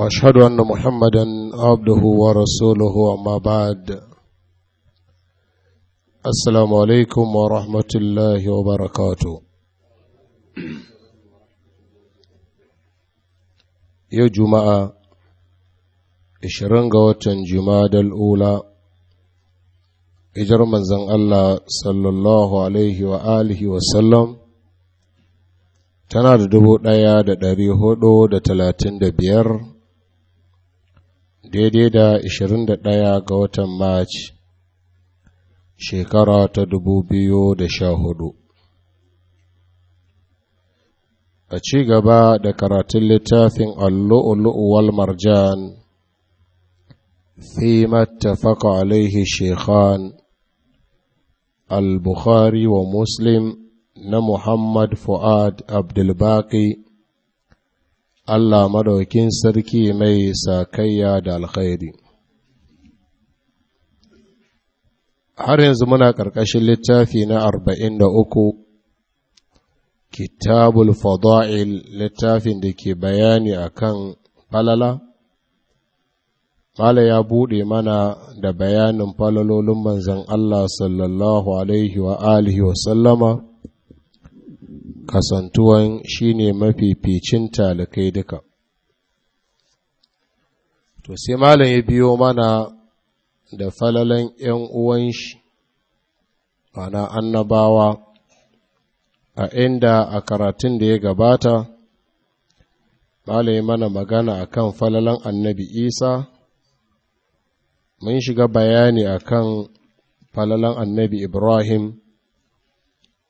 واشهد ان محمدا عبده ورسوله اما بعد السلام عليكم ورحمه الله وبركاته يا جماعه 20 ga watan jumada al-ula ijar manzon Allah sallallahu alaihi wa wa sallam tana da dubu ɗaya da ɗari hudu da talatin da biyar daidai da 21 ga watan Maci shekara ta da sha hudu. A ci gaba da karatun littafin Allu'ulu'u wal Marjan, fi mattafaka alaihi shekhan al-Bukhari wa Muslim na Muhammad Fu'ad Abdulbaki Allah madaukin sarki mai sakayya da alkhairi. Har yanzu muna ƙarƙashin littafi na arba'in Kitabul Fada'il littafin da ke bayani akan falala, Mala ya buɗe mana da bayanin falalolin manzan Allah sallallahu Alaihi wa alihi wa sallama. kasantuwan shi shine mafificin talikai duka to sai malam ya biyo mana da falalan ‘yan uwan shi mana annabawa a inda a karatun da ya gabata malam mana magana a kan falalan annabi isa mun shiga bayani a kan falalan annabi ibrahim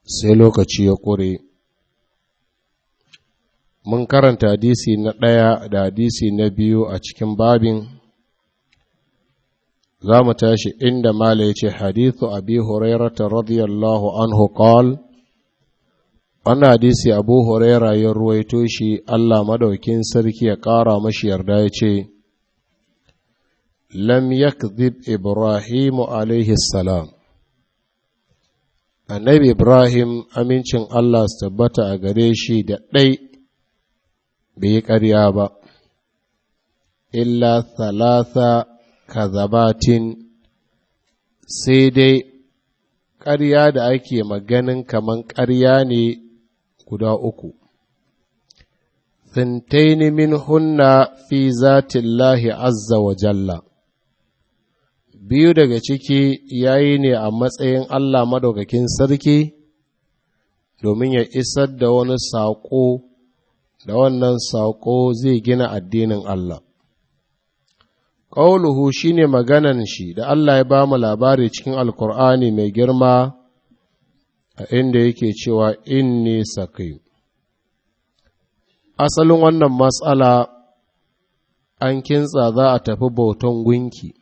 sai lokaci ya ƙure mun karanta hadisi na ɗaya da hadisi na biyu a cikin babin za mu tashi inda mala ya ce hadithu abi hurairata radiyallahu anhu qal wannan hadisi abu huraira ya ruwaito shi allah madaukin sarki ya ƙara mashi yarda ya ce lam yakzib ibrahimu alaihi salam annabi ibrahim amincin allah su tabbata a gare shi da ɗai bai yi ƙarya ba illa salasa kazabatin sai dai ƙarya da ake maganin kaman ƙarya ne guda uku hunna hunna في ذات azza wa Jalla. biyu daga ciki ya yi ne a matsayin Allah madaukakin sarki domin ya isar da wani saƙo da wannan saƙo zai gina addinin Allah. Ƙauluhu shi ne maganan shi da Allah ya ba mu labari cikin Alƙur'ani mai girma a inda yake cewa inni saƙi. Asalin wannan matsala an kintsa za a tafi bautan gunki,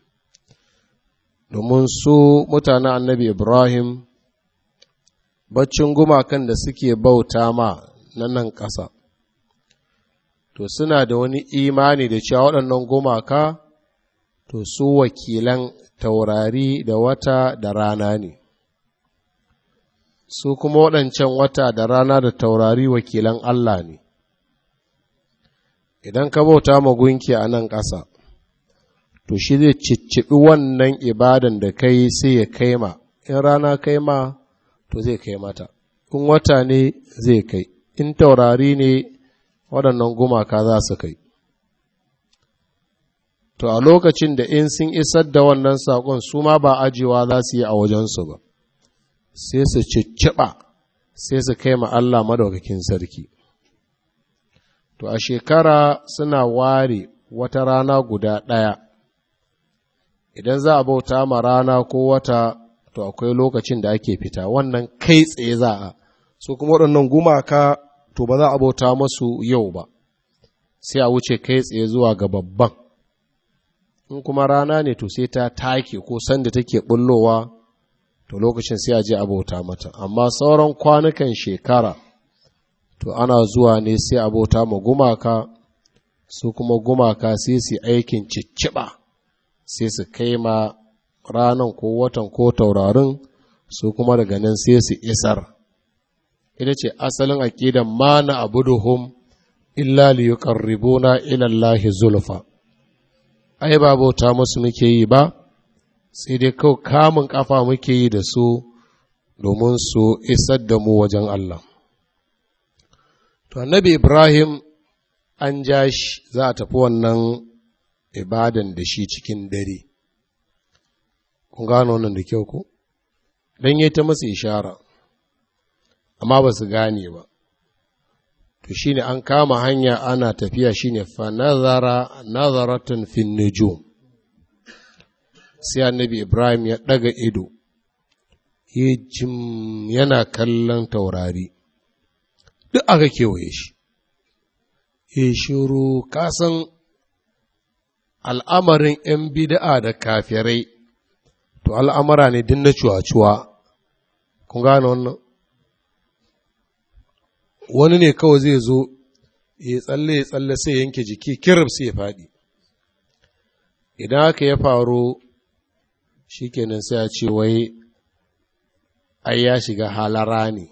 domin su mutanen annabi Ibrahim baccin gumakan da suke bauta ma na nan ƙasa. to suna da wani imani da cewa waɗannan gumaka to su wakilan taurari da wata da rana ne su kuma waɗancan wata da rana da taurari wakilan Allah ne idan ka bauta ma gunki a nan ƙasa to shi zai cicciɓi wannan ibadan da kai sai ya kai ma in rana kai ma to zai kai mata in wata ne zai kai in taurari ne waɗannan gumaka za su kai to a lokacin da in sun isar da wannan saƙon su ma ba ajiyewa za su yi a wajensu ba sai su cicciɓa sai su kai ma Allah madaukakin sarki to a shekara suna ware wata rana guda ɗaya idan za a bauta ma rana ko wata to akwai lokacin da ake fita wannan kai tsaye za a su kuma waɗannan gumaka to ba za a bauta masu yau ba sai a wuce kai tsaye zuwa ga babban in kuma rana ne to sai ta take ko sanda take bullowa to lokacin sai a je a bauta mata amma sauran kwanukan shekara to ana zuwa ne sai a bauta ma gumaka su kuma gumaka sai su aikin cicciba sai su kai ma ranan ko watan ko taurarin su kuma daga nan sai su isar ita ce asalin aƙidan ma na abu duhun illa liyukan ribuna ila Allahi zulfa ai ba bauta musu muke yi ba sai dai kawai kamun ƙafa muke yi da su domin su isar da mu wajen Allah to annabi Ibrahim an ja shi za a tafi wannan ibadan da shi cikin dare kun gano nan da kyau ku? dan yi ta masa ishara amma ba su gane ba to shine an kama hanya ana tafiya shine fa nazara nazaratun fin nujum sai annabi ibrahim ya daga ido ya jim yana kallon taurari duk aka kewaye shi ya shiru kasan al'amarin ‘yan bida'a da kafirai to al'amara ne din na cuwa-cuwa kun gane wannan wani ne kawai zai zo ya tsalle ya tsalle sai yanke jiki kirif sai ya faɗi idan aka ya faru kenan sai a ce wai ai ya shiga halara ne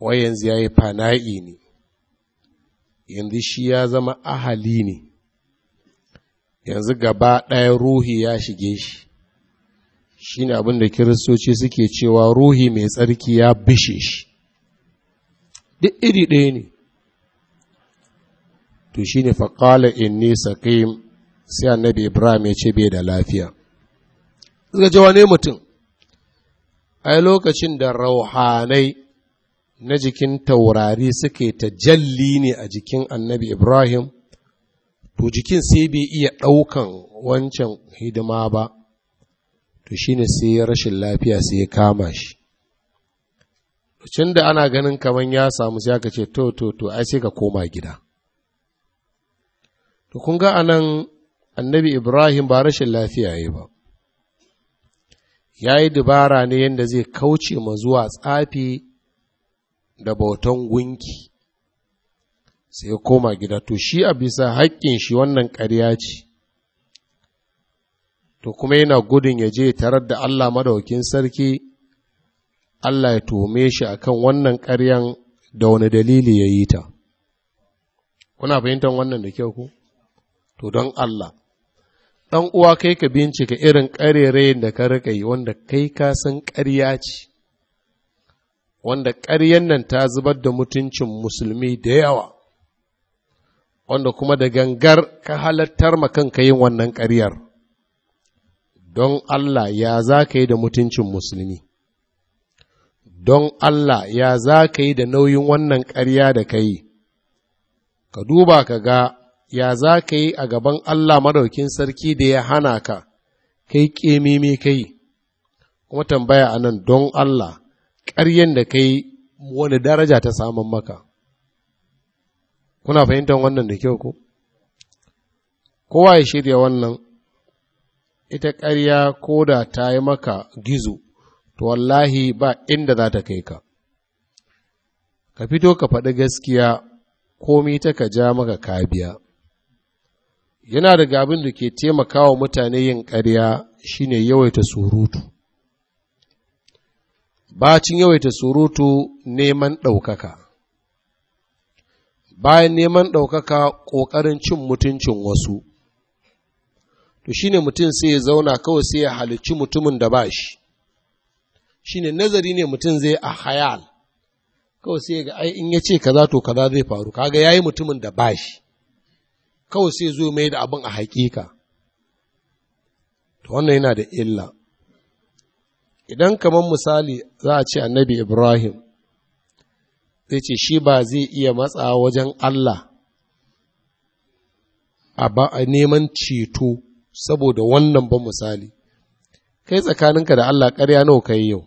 wai yanzu ya yi fana'i ne yanzu shi ya zama ahali ne yanzu gaba ɗaya ruhi ya shige shi shi ne abin da kiristoci suke cewa ruhi mai tsarki ya bishe shi duk iri ɗaya ne to shi ne faƙala in nisa sai annabi ibrahim ya ce bai da lafiya suka ce wane mutum ai lokacin da rauhanai na jikin taurari suke ta jalli ne a jikin annabi ibrahim to jikin sai bai iya ɗaukan wancan hidima ba to shi ne sai rashin lafiya sai ya kama shi cin da ana ganin kamar ya samu sai aka ce to to to ai sai ka koma gida to kun ga anan annabi ibrahim ba rashin lafiya yayi ba ya yi dubara ne yadda zai kauce ma zuwa tsafi da bautan gunki sai ya koma gida to shi a bisa haƙƙin shi wannan ƙarya ce to kuma yana gudun ya je tarar da allah madaukin sarki Allah ya tome shi kan wannan ƙaryan da wani dalili ya yi ta kuna fahimtar wannan da kyau ku to don Allah ɗan uwa kai ka bincika irin ƙarerayin da ka riƙa yi wanda kai ka san ƙarya ce wanda ƙaryan nan ta zubar da mutuncin musulmi da yawa wanda kuma da gangar ka halattar ka yin wannan ƙaryar don Allah ya za ka yi da mutuncin musulmi don Allah ya za ka yi da nauyin wannan ƙarya da ka yi, ka duba ka ga ya za ka yi a gaban Allah madaukin sarki da ya hana ka, kai ƙemimi ka yi, kuma tambaya a nan don Allah, ƙaryen da ka yi wani daraja ta samun maka. Kuna fahimtar wannan da kyau ko? Kowa ya shirya wannan, ita ƙarya ko da ta yi maka gizo. to wallahi ba inda za ta kai ka ka fito ka faɗi gaskiya komi ta ka ja maka kabiya yana daga abin da ke taimakawa mutane yin ƙarya shine yawaita surutu bacin yawaita surutu neman ɗaukaka bayan neman ɗaukaka ƙoƙarin cin mutuncin wasu to shine mutum sai ya zauna kawai sai ya halicci mutumin da ba shi ne nazari ne mutum zai a hayal kawai sai ga ai in ya ce kaza to kaza zai faru kaga yi mutumin da bashi kawai sai zo mai da abin a hakika to wannan yana da illa idan kamar misali za a ce annabi ibrahim zai ce shi ba zai iya matsa wajen allah a neman ceto saboda wannan ba misali kai tsakaninka da allah ƙarya nawa kai yau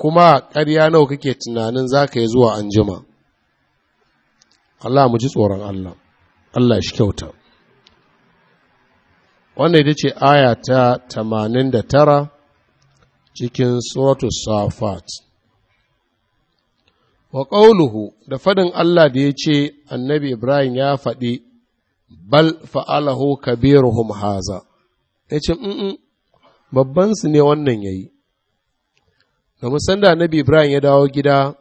kuma ƙarya nawa kake tunanin za ka yi zuwa an jima Allah mu ji tsoron Allah Allah shi kyauta wannan ita ce aya ta 89 cikin suratu safat wa ƙauluhu da faɗin Allah da ya ce annabi Ibrahim ya faɗi bal fa'alahu kabiruhum haza ya ce babbansu ne wannan yayi ga sanda annabi ibrahim ya dawo gida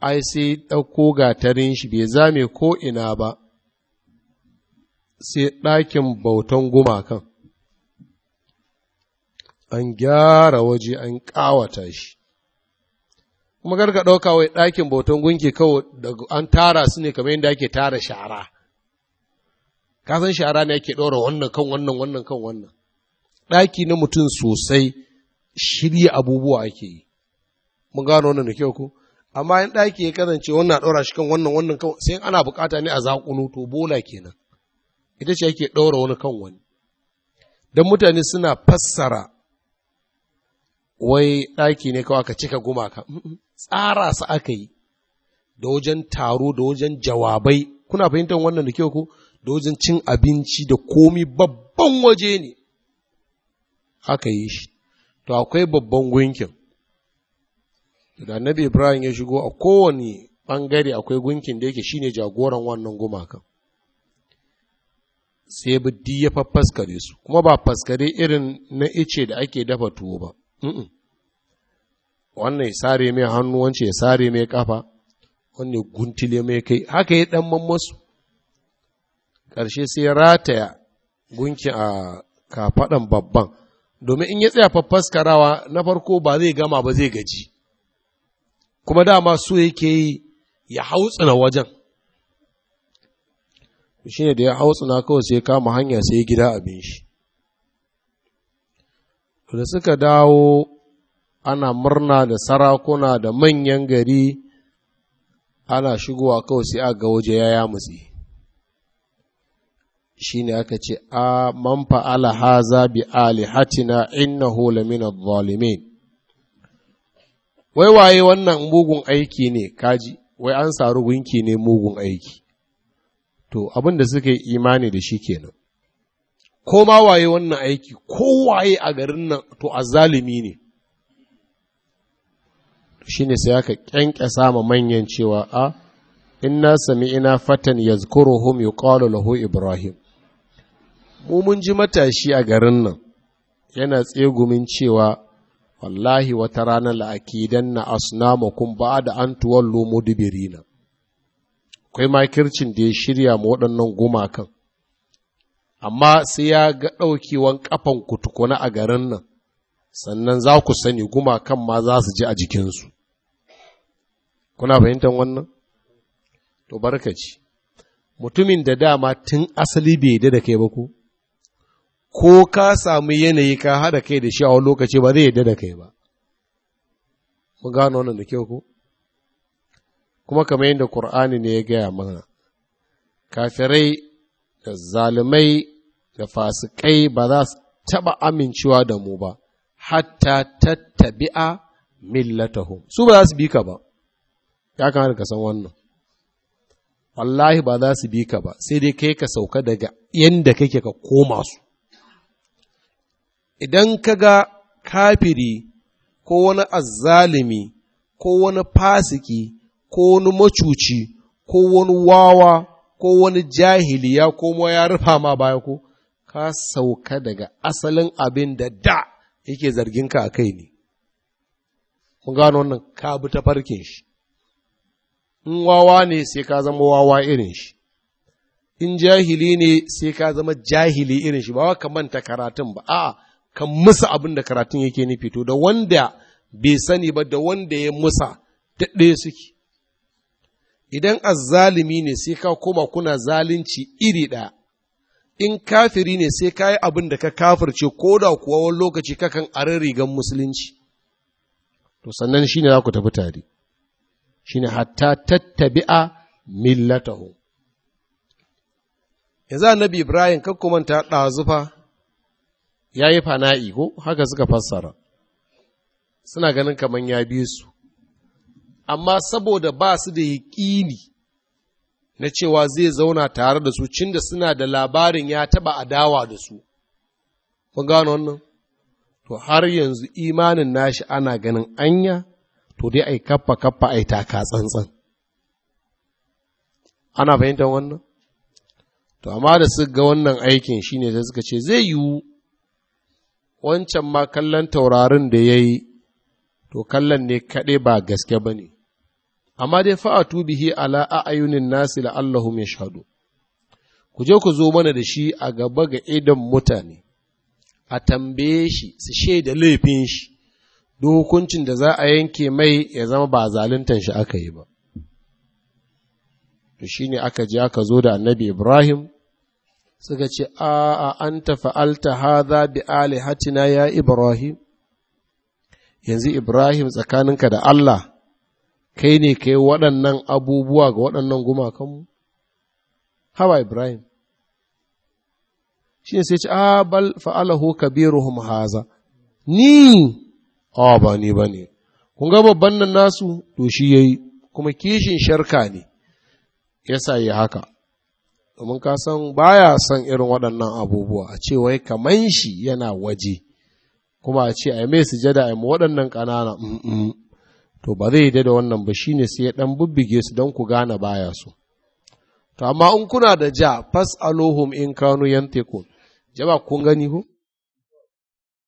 ai sai ɗauko gatarin shi bai zame ko ina ba sai ɗakin bautan gumakan an gyara waje an ƙawata shi kuma karka ɗauka wai ɗakin bautan gunki kawai an tara su ne kamar yadda ake tara shara ka san shara ne ake ɗora wannan kan wannan wannan kan wannan ɗaki na mutum sosai shirya abubuwa ake yi mun gano wannan da kyau ko amma in ɗaki ya kasance wannan ɗora shi kan wannan wannan kan sai ana bukata ne a zaƙulo to bola kenan ita ce ake ɗora wani kan wani don mutane suna fassara wai ɗaki ne kawai ka cika gumaka tsara su aka yi da wajen taro da wajen jawabai kuna fahimtar wannan da kyau ko da wajen cin abinci da komi babban waje ne aka yi shi to akwai babban gunkin da annabi ibrahim ya shigo a kowane bangare akwai gunkin da yake shine jagoran wannan gumakan sai biddi ya faffaskare su kuma ba faskare irin na ice da ake dafa tuwo ba wannan ya sare mai hannu wance ya sare mai kafa wannan guntile mai kai haka ya dan mammasu ƙarshe sai rataya gunki a kafaɗan babban domin in ya tsaya faffaskarawa na farko ba zai gama ba zai gaji kuma dama so yake yi ya hautsina wajen shi ne da ya hautsina kawai sai kama hanya sai gida abin shi da suka dawo ana murna da sarakuna da manyan gari ana shigowa kawai sai a ga waje ya yamutse ne aka ce a man fa'ala haza bi alihatina innahu lamina adh wai waye wannan mugun aiki ne kaji wai an saru gunki ne mugun aiki to abin da suka yi imani da shi kenan ko ma waye wannan aiki ko waye a garin nan to a zalimi ne ne sai aka kyankyasa ma manyan cewa a sami ina fatan yazkuruhum yuqalu lahu ibrahim mu mun ji matashi a garin nan yana tsegumin cewa wallahi wata rana la'akidan na asnamakun ba da an tuwon lomo da birina. akwai makircin da ya shirya ma waɗannan gumakan amma sai ya ga ɗaukewan ƙafan kutukuna a garin nan sannan za ku sani gumakan ma za su ji a jikinsu kuna fahimtar wannan to barkaci mutumin da dama tun asali bai da da kai ba ku ko ka samu yanayi ka haɗa kai da shi a wani lokaci ba zai yadda da kai ba mun gano wannan da kyau ko kuma kamar yadda Kur'ani ne ya gaya mana kafirai da zalimai da fasikai ba za su taɓa amincewa da mu ba hatta tattabi'a millatahum su ba za su bi ka ba ya kamata ka san wannan wallahi ba za su bi ka ba sai dai kai ka sauka daga yanda kake ka koma su idan ka ga kafiri ko wani azzalimi ko wani fasiki ko wani macuci ko wani wawa ko wani jahili ya komo ya rufa ma baya ko ka sauka daga asalin abin da da yake zarginka a kai ne mun gano wannan ka bi ta farkin shi in wawa ne sai ka zama wawa irin shi in jahili ne sai ka zama jahili irin shi ba wa ka manta karatun ba a'a kan musa abin da karatun yake nufi to da wanda bai sani ba da wanda ya musa da ɗaya suke idan azzalimi ne sai ka koma kuna zalunci iri ɗaya in kafiri ne sai ka yi abin da ka kafirce ko da kuwa wani lokaci kakan arin rigan musulunci to sannan shi ne za ku tafi tare shi ne hatta tattabi'a millatahu yanzu annabi ibrahim kan kumanta ɗazufa ya yi fana'i ko haka suka fassara suna ganin kamar ya bi su amma saboda ba su da yaƙini na cewa zai zauna tare da su cin da suna da labarin ya taɓa adawa da su kun gano wannan to har yanzu imanin nashi ana ganin anya to dai ai kaffa kaffa ai taka tsantsan ana fahimtar wannan to amma da su ga wannan aikin shine da suka ce zai yiwu wancan ma kallon taurarin da ya yi, to kallon ne kaɗai ba gaske ba ne, amma dai a tubihi ala a'ayunin nasi la'allahum ya shaɗo Ku je ku zo mana da shi a gaba ga idon mutane, a tambaye shi su shaida laifin shi, duk hukuncin da za a yanke mai ya zama ba zaluntan shi aka yi ba. To shi ne aka je aka zo da annabi Ibrahim, suka ce a a anta fa'alta za bi alihatina ya ibrahim yanzu ibrahim tsakaninka da Allah kai ne kai waɗannan abubuwa ga waɗannan gumakanmu hawa ibrahim shi sai ce a bal fa'alahu kabiruhum haza ni a ba ni ba ne kun ga babban nan nasu to shi ya yi, kuma kishin sharka ne sa yi haka domin ka san baya san irin waɗannan abubuwa a ce wai kaman shi yana waje kuma a ce ai mai sujada ai mu waɗannan ƙanana to ba zai da wannan ba shine sai ya dan bubbige su don ku gane baya su to amma in kuna da ja fasaluhum in kanu teku jaba kun gani ko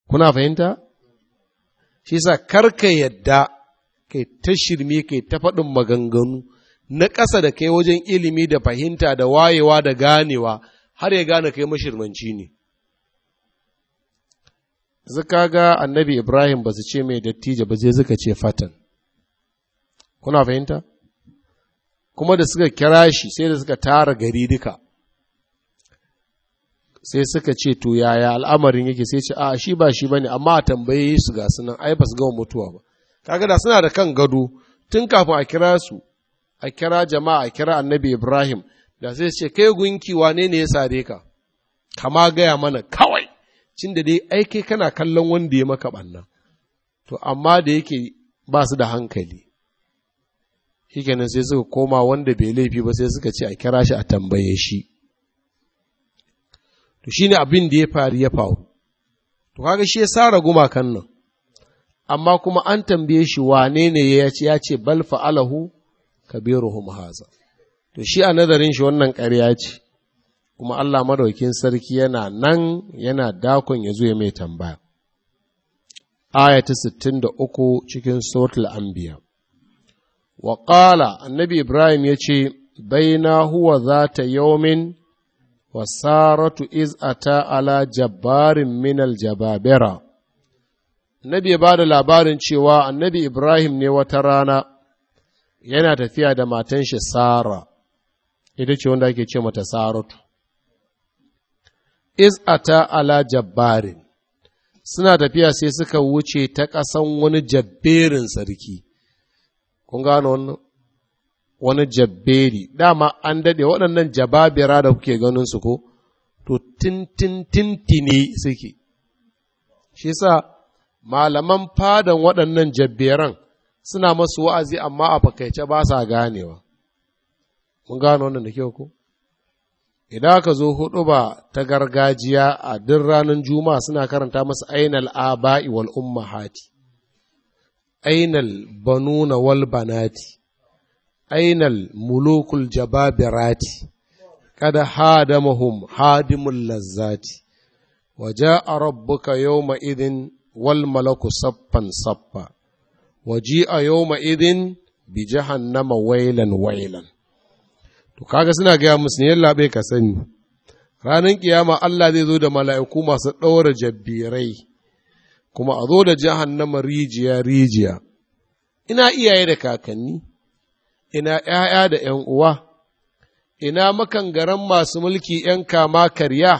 kuna fahimta shi yasa karka yadda kai ta shirme kai ta faɗin maganganu na ƙasa da kai wajen ilimi da fahimta da wayewa da ganewa har ya gane kai mashirmanci ne zuka ga annabi ibrahim ba su ce mai dattijo ba zai suka ce fatan kuna fahimta kuma da suka kira shi sai da suka tara gari duka sai suka ce to yaya al'amarin yake sai ce a shi ba shi bane amma a tambaye su ga sunan ai ba su gama mutuwa ba kaga da suna da kan gado tun kafin a kira su a kira jama'a a kira annabi Ibrahim da sai ce kai gunki wane ne ya sare ka kama gaya mana kawai cin da dai aike kana kallon wanda ya maka ɓanna, to amma da yake ba su da hankali shikenan sai suka koma wanda bai laifi ba sai suka ce a kira shi a tambaye shi to shi ne abin da ya faru ya faru to kaga shi ya sara gumakan nan amma kuma an tambaye shi wane ne ya ce ya ce bal fa'alahu kabiruhum haza to shi a nazarin shi wannan ƙarya ce kuma Allah madaukin sarki yana nan yana dakon ya zo ya mai tambaya aya ta 63 cikin suratul anbiya wa qala annabi ibrahim yace baina huwa zata yawmin wa saratu iz ata ala jabbarin min al jababira nabi ya bada labarin cewa annabi ibrahim ne wata rana yana tafiya da matan shi Sara ita ce wanda ake ce mata Saratu is ata ala jabbarin suna tafiya sai suka wuce ta ƙasan wani jabberin sarki kun gano wani jabberi dama an daɗe waɗannan jababira da kuke ganin su ko to tintintintini suke shi sa malaman fadan waɗannan jabberan suna masu wa'azi amma a fakaice ba sa ganewa mun gano wannan da kyau ku. idan aka zo hudu ba ta gargajiya a duk ranar juma'a suna karanta masu ainal aba'i wal Hati. ainal banuna wal banati ainal mulukul jababirati kada hadamahum hadimul lazzati waja a rabbuka yau ma’idin wal malaku saffan saffa waji a yau ma'idin bi Hannama wailan wailan. To kaga suna gaya musu ne labe ka sani, ranar kiyama Allah zai zo da mala'iku masu ɗaura jabirai kuma a zo da jahannama rijiya rijiya. Ina iyaye da kakanni, ina ‘ya'ya da ‘yan uwa, ina garan masu mulki ‘yan kama karya,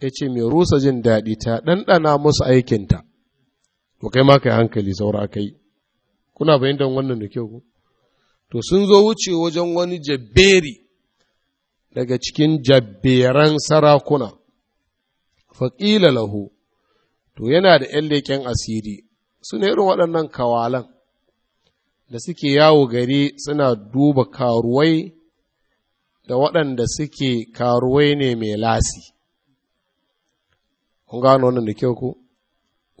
ya ce mai rusa jin daɗi ta ɗanɗana musu aikinta. to kai ma kai hankali saura kai kuna fahimtar wannan da kyau to sun zo wuce wajen wani jabberi daga cikin jabberan sarakuna faƙila lahu to yana da ‘yan leƙen asiri Suna irin waɗannan kawalan da suke yawo gari suna duba karuwai da waɗanda suke karuwai ne mai lasi. Kun gano wannan da kyau ku?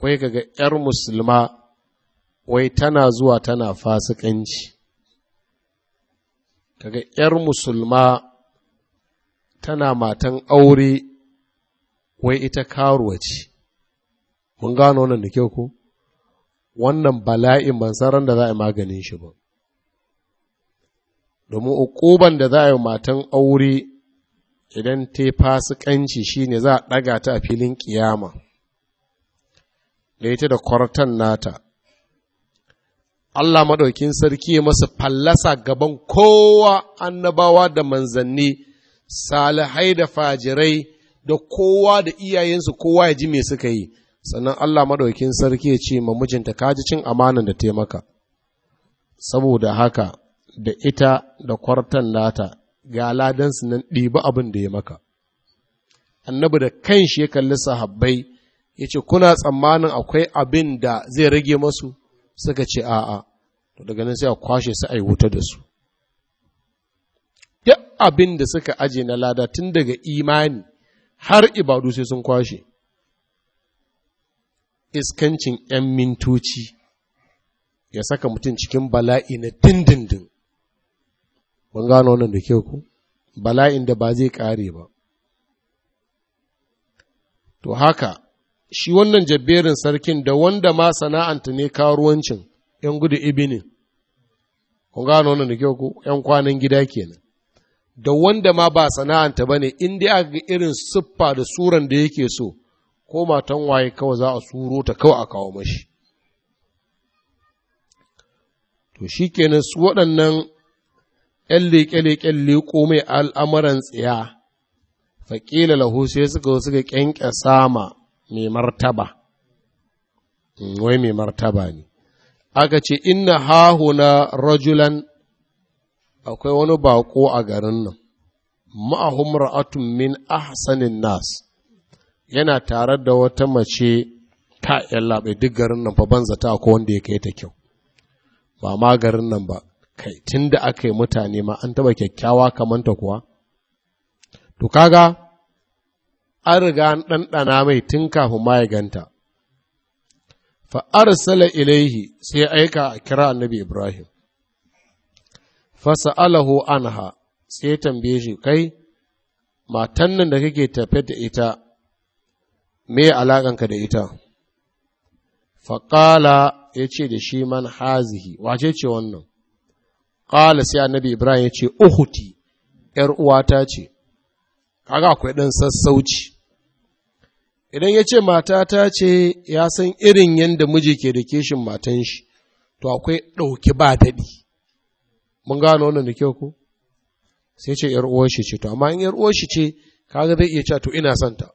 kwai kaga ‘yar musulma wai tana zuwa tana fasikanci, kaga ‘yar musulma tana matan aure wai ita karuwa ce, mun gano wannan da kyau ko? Wannan bala'in ban san da za a maganin shi ba. Domin uƙuban da za a yi matan aure idan ta fasikanci shi ne za a ɗaga ta a filin ƙiyama. da ita da kwartan nata Allah maɗaukin sarki ya masa fallasa gaban kowa annabawa da manzanni salihai da fajirai da kowa da iyayensu kowa ya ji me suka yi sannan Allah maɗaukin sarki ya ce ma mijinta kaji cin amanan da taimaka saboda haka da ita da kwartan nata ga ladansu nan ɗibi abin da ya maka annabi da kan shi ya kalli sahabbai ya ce kuna tsammanin akwai abin da zai rage masu suka ce a'a to daga nan sai a kwashe su a yi wuta da su duk abin da suka aje na lada tun daga imani har ibadu sai sun kwashe iskancin 'yan mintoci ya saka mutum cikin bala'i na dindindin ban gano wannan da kyau ku bala'in da ba zai kare ba to haka shi wannan jabberin sarkin da wanda ma sana'anta ne karuwancin ‘yan gudu ibini, kun gano wannan da kyau ku ‘yan kwanan gida kenan, da wanda ma ba sana'anta ba ne, in aka ga irin siffa da suran da yake so, ko matan waye kawai za a suro ta kawai a kawo mashi. To shi kenan su waɗannan ‘yan leƙe-leƙen leƙo mai al'amuran tsiya, faƙila lahu sai suka suka ƙyanƙya sama mai martaba mm, wai mai martaba ne aka ce inna hahuna rajulan akwai wani bako a garin nan ma'ahum ra'atun min ahsanin nas yana tare da wata mace ta yallaɓe duk garin nan fa banza ta ko wanda ya kai ta kyau ba ma garin nan ba kai tun da aka yi mutane ma an taɓa kyakkyawa kamanta kuwa to kaga an riga an ɗanɗana mai tun kafin ma ya ganta. Fa'arsala ilaihi sai aika a kira annabi Ibrahim, Fasa fasa'alahu anha sai tambaye shi kai, matan nan da kake tafe da ita, me alaƙanka da ita? Faƙala ya ce da shi man hazihi, wace ce wannan? Ƙala sai annabi Ibrahim ya ce, Uhuti, ’yar uwata ce. kaga akwai ɗan sassauci idan ya ce matata ce ya san irin yadda miji ke da keshin matan shi to akwai ɗauki ba daɗi mun gano wannan da kyau ko sai ce yar uwar shi ce to amma in yar uwar shi ce kaga zai iya cewa to ina son ta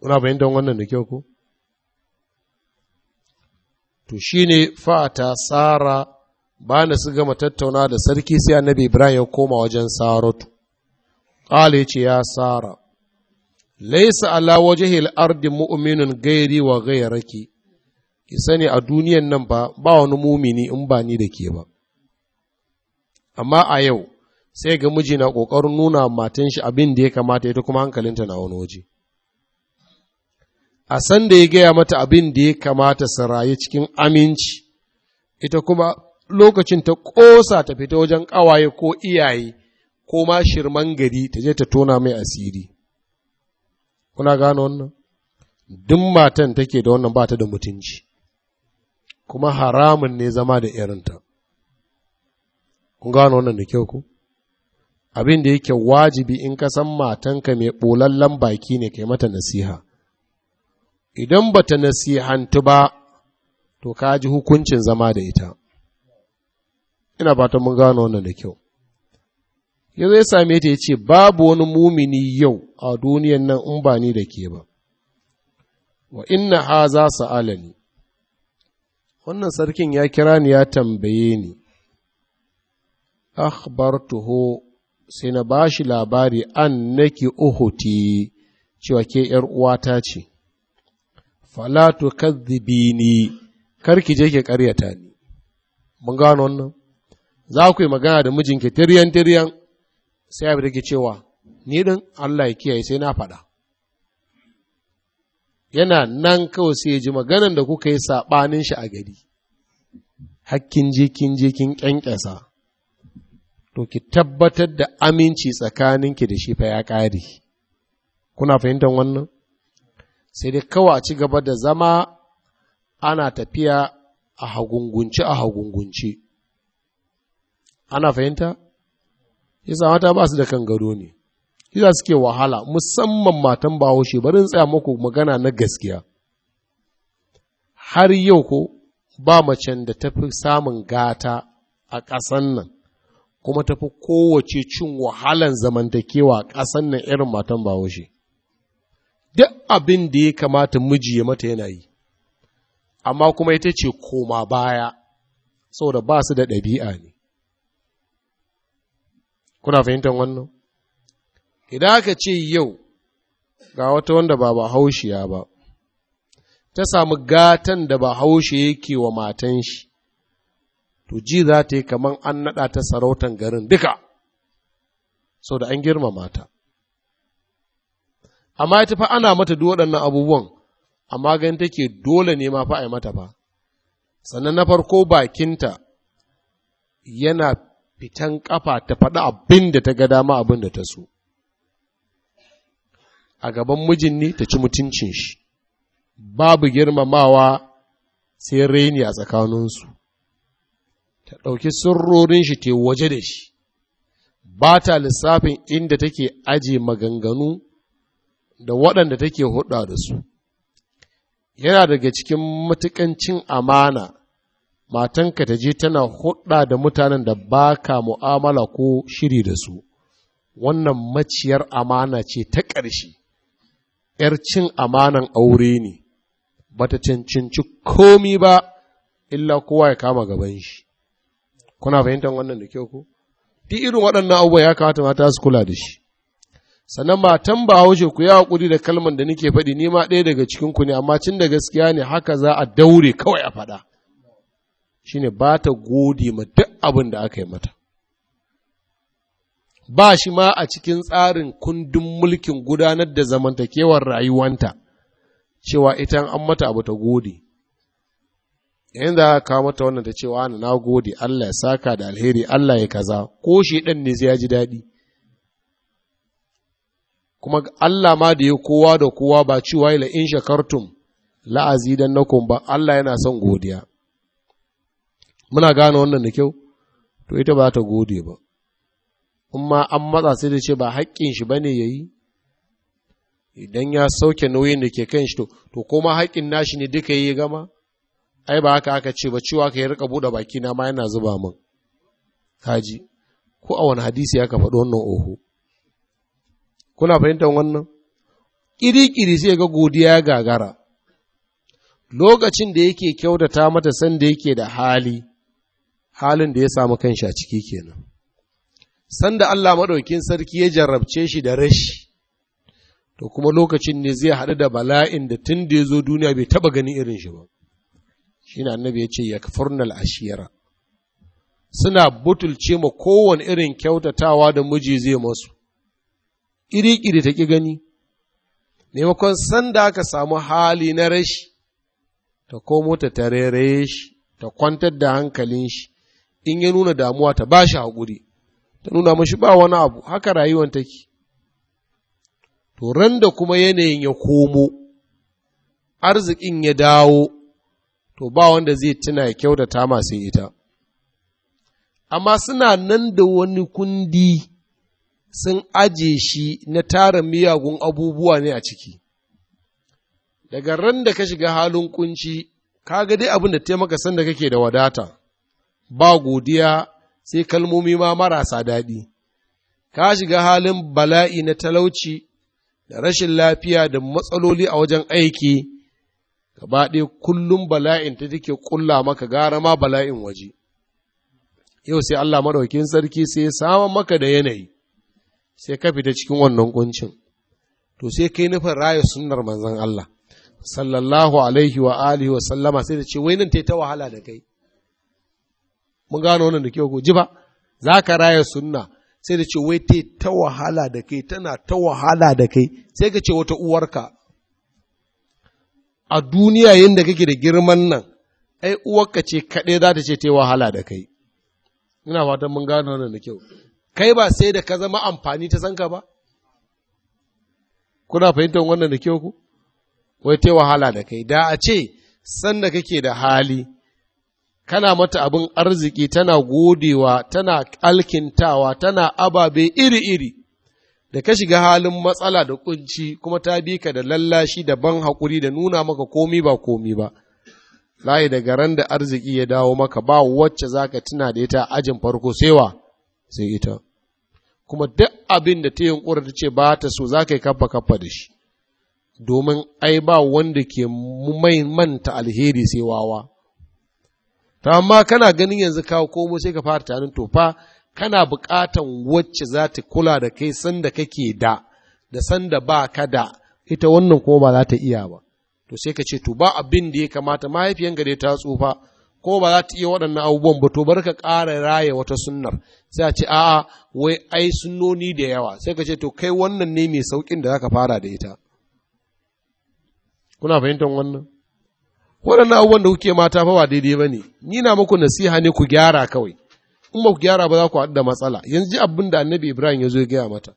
kuna bayan don wannan da kyau ko to shine fata tsara ba na su gama tattauna da sarki sai annabi Ibrahim ya koma wajen Saratu qala ce ya sara laisa ala wajhil ardi mu'minun gairi wa ghayraki ki sani a duniyan nan ba ba wani mumini in ba ni da ke ba amma a yau sai ga miji na kokarin nuna matan shi abin da ya kamata ita kuma hankalinta na wani waje a san da ya gaya mata abin da ya kamata su rayu cikin aminci ita kuma lokacin ta ƙosa ta fita wajen ƙawaye ko iyaye ko ma shirman gari ta je ta tona mai asiri kuna gano wannan duk matan take da wannan ba ta da mutunci kuma haramun ne zama da irinta kun gano wannan da kyau ku abin da yake wajibi in ka san matanka mai ɓolallen baki ne kai mata nasiha idan ba ta nasihantu ba to ka ji hukuncin zama da ita ina fatan mun gano wannan da kyau ya zai same ta ya ce babu wani mumini yau a duniyan nan in ba ni da ke ba wa inna ha za su alani wannan sarkin ya kira ni ya tambaye ni akhbartuhu sai na ba shi labari an nake uhuti cewa ke ‘yar uwata ce, falatu ni karki je ke karyata ni, mun gano wannan, za ku yi magana da mijinki tiryan tiryan sai ya da cewa ni din Allah ya kiyaye sai na faɗa yana nan kawai sai ya ji maganan da kuka yi saɓanin shi a gari hakkin je kin je kin ƙyanƙyasa to ki tabbatar da aminci tsakaninki da shi fa ya ƙare kuna fahimtar wannan sai dai kawai a ci gaba da zama ana tafiya a hagungunci a hagungunci ana fahimta yasa mata ba su da kan gado ne yasa suke wahala musamman matan bahaushe barin tsaya muku magana na gaskiya har yau ko ba macen da tafi samun gata a ƙasan nan kuma tafi kowace cin wahalan zamantakewa a ƙasan nan irin matan bahaushe duk abin da ya kamata miji ya mata yana yi amma kuma ita ce koma baya saboda ba su da ɗabi'a ne kuna fahimtar wannan idan aka ce yau ga wata wanda ba ba haushiya ba ta samu gatan da ba haushe yake wa matan shi to ji za ta yi kamar an naɗa ta sarautan garin duka sau da an girma mata amma ita fa ana mata duk waɗannan abubuwan amma ganin take dole ne ma fa a yi mata fa sannan na farko bakinta yana fitan ƙafa ta faɗi abin da ta ga dama abin da ta so a gaban mijin ne ta ci mutuncin shi babu girmamawa sai raini a tsakaninsu ta ɗauki sirrorin shi te waje da shi ba ta lissafin inda take aje maganganu da waɗanda take hudda da su yana daga cikin matuƙancin amana matanka ta je tana hudda da mutanen da ba ka mu'amala ko shiri da su wannan maciyar amana ce ta ƙarshe ‘yar cin amanan aure ne ba ta cancanci komi ba illa kowa ya kama gaban shi kuna fahimtar wannan da kyau ko duk irin waɗannan abubuwa ya kamata mata su kula da shi sannan matan ba haushe ku ya haƙuri da kalman da nike faɗi ni ɗaya daga cikin ku ne amma cin da gaskiya ne haka za a daure kawai a faɗa ne ba ta gode ma duk abin da aka yi mata ba shi ma a cikin tsarin kundin mulkin gudanar da zamantakewar rayuwanta cewa ita an mata abu ta gode yayin da aka mata wannan ta cewa ana na gode Allah ya saka da alheri Allah ya kaza ko shi dan ne sai ji daɗi kuma Allah ma da ya kowa da kowa ba cewa la in shakartum la azidannakum ba Allah yana son godiya muna gane wannan da kyau to ita ba ta gode ba in an matsa sai da ce ba haƙƙin shi bane yayi idan ya sauke nauyin da ke kan shi to to koma haƙƙin nashi ne duka yi gama ai ba haka aka ce ba cewa ka yi rika buɗe baki na ma yana zuba min kaji ko a wani hadisi ya ka faɗi wannan oho kuna fahimtar wannan ƙiri-ƙiri sai ga godiya gagara lokacin da yake kyautata mata sanda yake da hali halin da ya samu kanshi a ciki kenan sanda Allah maɗaukin sarki ya jarrabce shi da rashi to kuma lokacin ne zai haɗu da bala'in da tun da ya zo duniya bai taɓa ganin irin shi ba shi ne annabi ya ce ya kafurnal ashira suna butulce ma kowane irin kyautatawa da miji zai masu iri-iri ta ƙi gani maimakon sanda aka samu hali na rashi ta komo ta tarere shi ta kwantar da hankalin shi in ya nuna damuwa ta ba shi haƙuri ta nuna mashi ba wani abu haka rayuwan take to ran da kuma yanayin ya komo arzikin ya dawo to ba wanda zai tuna ya kyautata masu ita amma suna nan da wani kundi sun aje shi na tara miyagun abubuwa ne a ciki daga ran da ka shiga halin kunci ka ga dai abin da taimaka sanda kake da wadata ba godiya sai kalmomi ma marasa daɗi, ka shiga halin bala'i na talauci da rashin lafiya da matsaloli a wajen aiki, gaba ɗaya kullum bala'in ta take ƙulla maka gara ma bala'in waje. Yau sai Allah maɗaukin sarki sai ya samun maka da yanayi, sai ka fita cikin wannan kuncin. To sai kai nufin raya sunnar manzon Allah, sallallahu alaihi wa alihi wa sallama sai da ce, wai nan ta wahala da kai. mun gano wannan da kyau ko ji ba za ka raya sunna sai da ce wai ta ta wahala da kai tana ta wahala da kai sai ka ce wata uwarka a duniya yadda kake da girman nan ai uwarka ce kaɗai za ta ce ta wahala da kai ina fatan mun gano wannan da kyau kai ba sai da ka zama amfani ta sanka ba kuna fahimtar wannan da kyau ku wai ta wahala da kai da a ce sanda kake da hali kana mata abin arziki tana godewa tana alkintawa tana ababe iri-iri da ka shiga halin matsala da kunci kuma ta bi ka da lallashi da ban haƙuri da nuna maka komi ba komi ba layi da ran da arziki ya dawo maka ba wacce za ka tuna da ita ajin farko sewa sai ita kuma duk abin da ta yunƙura ta ce ba ta so za ka yi kafa kafa da shi domin ai ba wanda ke mai manta alheri sai wawa ta amma kana ganin yanzu kawo komo sai ka fara tunanin to kana buƙatan wacce za ta kula da kai sanda kake da da sanda ba ka da ita wannan kuma ba za ta iya ba to sai ka ce to ba abin da ya kamata mahaifiyan gare ta tsufa ko ba za ta iya waɗannan abubuwan ba to bar ka ƙara raya wata sunnar sai a ce a'a wai ai sunnoni da yawa sai ka ce to kai wannan ne mai saukin da za ka fara da ita kuna fahimtar wannan waɗannan abubuwan da kuke mata fa ba daidai ba ne ni na muku nasiha ne ku gyara kawai in ba ku gyara ba za ku haɗu da matsala yanzu abin da annabi ibrahim ya zo ya gaya mata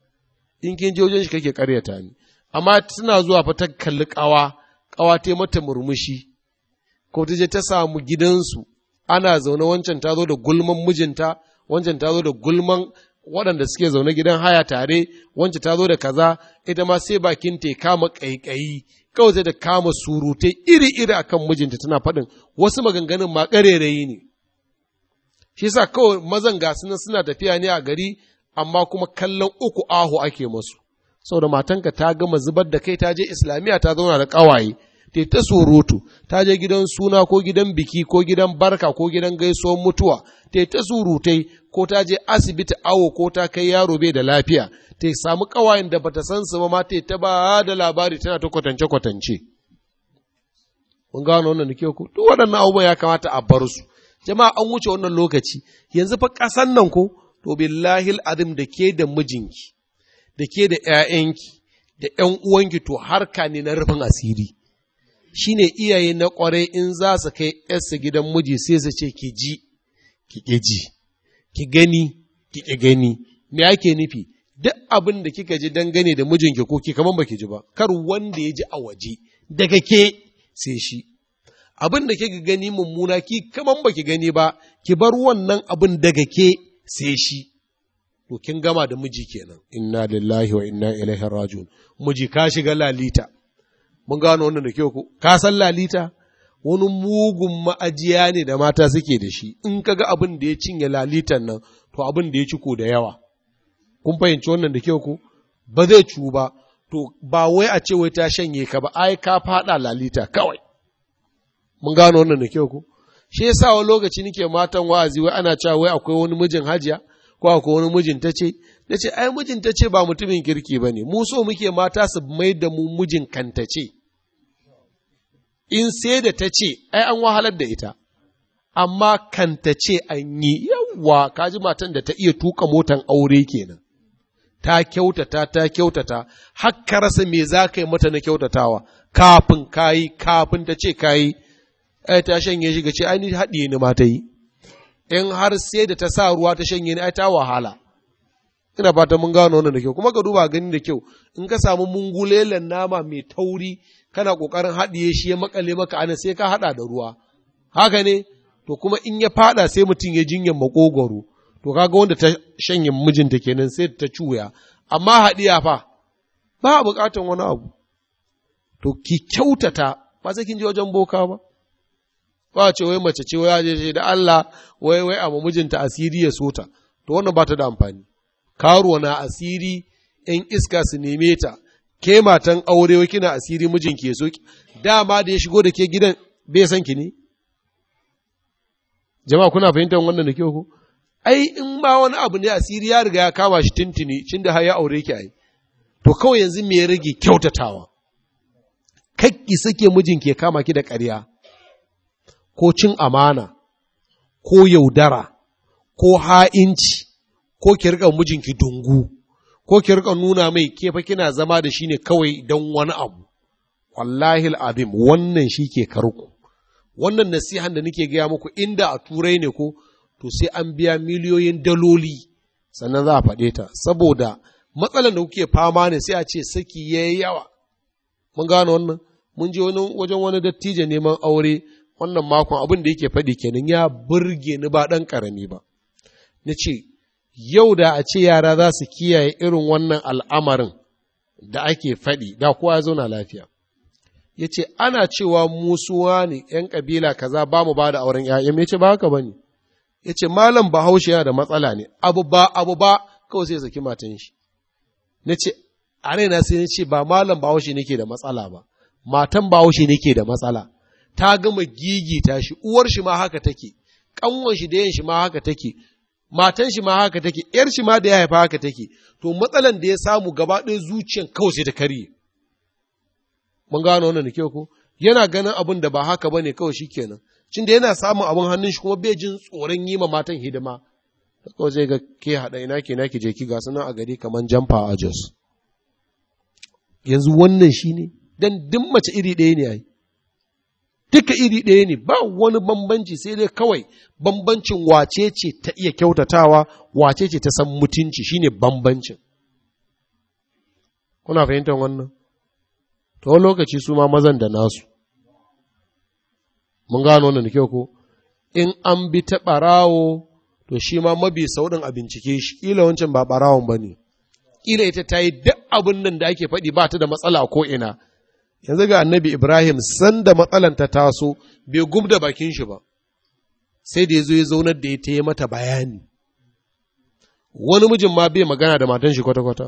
in kin je wajen shi kake karyata ni amma tana zuwa fa ta kalli ƙawa ƙawa ta mata murmushi ko ta je ta samu gidansu ana zaune wancan ta zo da gulman mijinta wancan ta zo da gulman waɗanda suke zaune gidan haya tare wancan ta zo da kaza ita ma sai bakin ta kama ƙaiƙayi kawai sai da kama surutai iri-iri akan mijinta tana faɗin wasu maganganun ma ƙarerayi ne shi sa kawai mazan gasu nan suna tafiya ne a gari amma kuma kallon uku aho ake masu saboda matanka ta gama zubar da kai ta je islamiyya ta zauna da ƙawaye te ta surutu ta je gidan suna ko gidan biki ko gidan barka ko gidan gaisuwar mutuwa te ta surutai ko ta je asibiti awo ko ta kai yaro bai da lafiya te samu kawayen da bata san su ba ma te ta ba da labari tana ta kwatance kwatance mun gano wannan da ku duk waɗannan abubuwa ya kamata a bar su jama'a an wuce wannan lokaci yanzu fa ƙasan nan ko to billahi azim da ke da mijinki da ke da 'ya'yanki da 'yan uwanki to harka ne na rufin asiri shine iyaye na kwarai in za su kai yarsa gidan miji sai su ce ki ji ki ji ki gani ki ki gani me ake nufi duk abin da kika ji dangane da mijinki ko ki kaman baki ji ba kar wanda ya ji a waje daga ke sai shi abin da kika gani mummuna ki kaman baki gani ba ki bar wannan abin daga ke sai shi to kin gama da miji kenan inna lillahi wa inna ilaihi rajiun miji ka shiga lalita Mun gano wannan da kyau ku ka san lalita? Wani mugun ma'ajiya ne da mata suke da shi, in ka ga abin da ya cinye lalitan nan, to abin da ya ciko da yawa. Kun fahimci wannan da kyau ku Ba zai cu ba, to ba wai a ce wai ta shanye ka ba, ai ka faɗa lalita kawai. Mun gano wannan da kyau ku Shi yasa wani lokaci nake matan wa'azi wai ana cewa wai akwai wani mijin hajiya, ko akwai wani mijin ta ce, na ce ai mijinta ce ba mutumin kirki ba ne mu so muke mata su mai da mu mijin kanta ce in sai da ta ce ai an wahalar da ita amma kantace ce an yi yawwa kaji matan da ta iya tuka motan aure kenan ta kyautata ta kyautata haka rasa me za ka yi mata na kyautatawa kafin kayi kafin ta ce kayi ai ta shanye shi ce ai ni haɗiye ni ma ta yi in har sai da ta sa ruwa ta shanye ni ai ta wahala ina fata mun gano wannan da kyau kuma ka duba gani da kyau in ka samu mungulelen nama mai tauri kana kokarin haɗiye shi ya makale maka ana sai ka haɗa da ruwa haka ne to kuma in ya fada sai mutum ya jinyar makogoro to kaga wanda ta shanye mijinta kenan sai ta cuya amma haɗiya fa ba a buƙatar wani abu to ki kyautata ba sai kin je wajen boka ba ba ce wai mace ce wai da Allah wai wai abu mijinta asiri ya sota to wannan ba ta da amfani karuwa na asiri ‘yan iska su neme ta, ke matan aure kina asiri mijin ke so, dama da ya shigo da ke gidan bai san ki ne? Jama'a kuna fahimtar wannan da ke ku? Ai, in ba wani abu ne asiri ya riga ya kama shi tuntuni, cin da har ya aure ki ai. To kawai yanzu me ya rage kyautatawa? Kakki sake mijin ke kama ki da ƙarya, ko cin amana, ko yaudara, ko ha'inci, ko ki rika mijinki dungu ko ki rika nuna mai ke fa kina zama da shi ne kawai don wani abu wallahi al'adim wannan shi ke karku wannan nasihan da nake gaya muku inda a turai ne ko to sai an biya miliyoyin daloli sannan za a faɗe ta saboda matsalar da kuke fama ne sai a ce saki ya yi yawa mun gano wannan mun je wajen wani dattijo neman aure wannan makon abin da yake faɗi kenan ya burge ni ba ɗan ƙarami ba na ce yau da a ce yara za su kiyaye irin wannan al'amarin da ake faɗi da kowa ya zauna lafiya ya ce ana cewa musuwa ne ‘yan ƙabila kaza ba mu ba da auren ‘ya'yan ya ce ba haka ba ne ya ce malam bahaushe yana da matsala ne abu ba abu ba kawai sai saki matan shi na ce a raina sai na ce ba malam bahaushe nake da matsala ba matan bahaushe nake da matsala ta gama gigita shi uwar shi ma haka take ƙanwan shi da yin shi ma haka take matan shi ma haka take yar shi ma da ya haifa haka take to matsalan da ya samu gaba ɗaya zuciyan kawai sai ta karye mun gano wannan kyau ko yana ganin abin da ba haka bane kawai shikenan cin da yana samun abin hannun shi kuma bai jin tsoron yi ma matan hidima kawai zai ga ke haɗa ina ke na ki je ki ga nan a gari kaman jamfa a jos yanzu wannan shine dan duk mace iri ɗaya ne ai duka iri ɗaya ne ba wani bambanci sai dai kawai bambancin wace ce ta iya kyautatawa wace ce ta san mutunci shine bambancin kuna fahimtar wannan to wani lokaci su ma mazan da nasu mun gano wannan kyau ko in an bi ta ɓarawo to shi ma mabi sauɗin a bincike shi ƙila wancan ba ɓarawon ba ne ƙila ita ta yi duk abin nan da ake faɗi ba ta da matsala ko ina yanzu ga annabi ibrahim sanda matsalan ta taso bai da bakin shi ba sai da ya zo ya zaunar da ya ta mata bayani wani mijin ma bai magana da matan shi kwata-kwata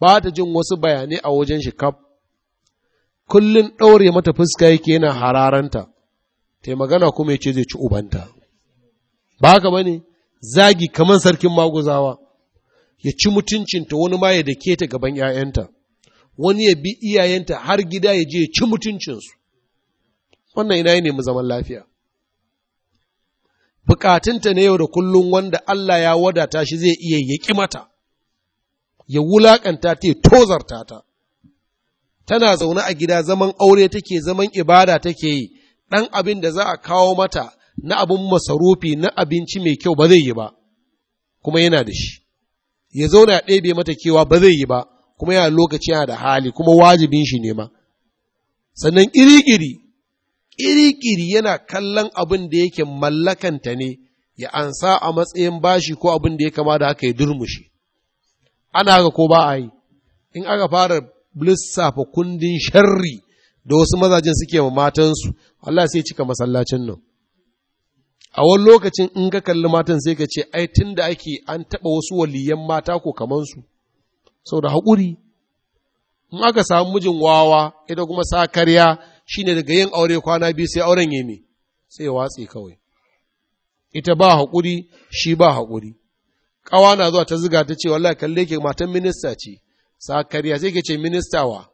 ba ta jin wasu bayanai a wajen shi kaf kullum ɗaure mata fuska yake yana hararanta ta magana kuma ya ce zai ci ubanta ba haka bane zagi kamar sarkin maguzawa ya ci mutuncinta wani ma ya dake ta gaban 'ya'yanta wani ya bi iyayenta har gida ya je ci mutuncinsu wannan ina ya nemi zaman lafiya bukatunta na yau da kullum wanda Allah ya wadata shi zai iya yaki mata ya wulaƙanta ta tozarta ta tana zaune a gida zaman aure take zaman ibada take yi ɗan abin da za a kawo mata na abin masarufi na abinci mai kyau ba zai yi ba kuma yana da shi ya zauna ya ɗebe mata kewa ba zai yi ba kuma yana lokaci yana da hali kuma wajibin shi ne ma sannan kirikiri kirikiri yana kallon abin da yake mallakanta ne ya ansa a matsayin bashi ko abin da ya kama da aka yi durmushi ana ga ko ba a yi in aka fara lissafa kundin sharri da wasu mazajen suke ma matansu Allah sai cika masallacin nan a wani lokacin in ka kalli matan sai ka ce ai tun da ake an taɓa wasu waliyan mata ko kamansu sau da haƙuri in aka samu mijin wawa ita kuma sa karya ne daga yin aure kwana biyu sai auren ya mai, sai ya watsi kawai ita ba haƙuri shi ba haƙuri ƙawa na zuwa ta ziga ta ce wallah kalle ke matan minista ce sa karya sai ke ce minista wa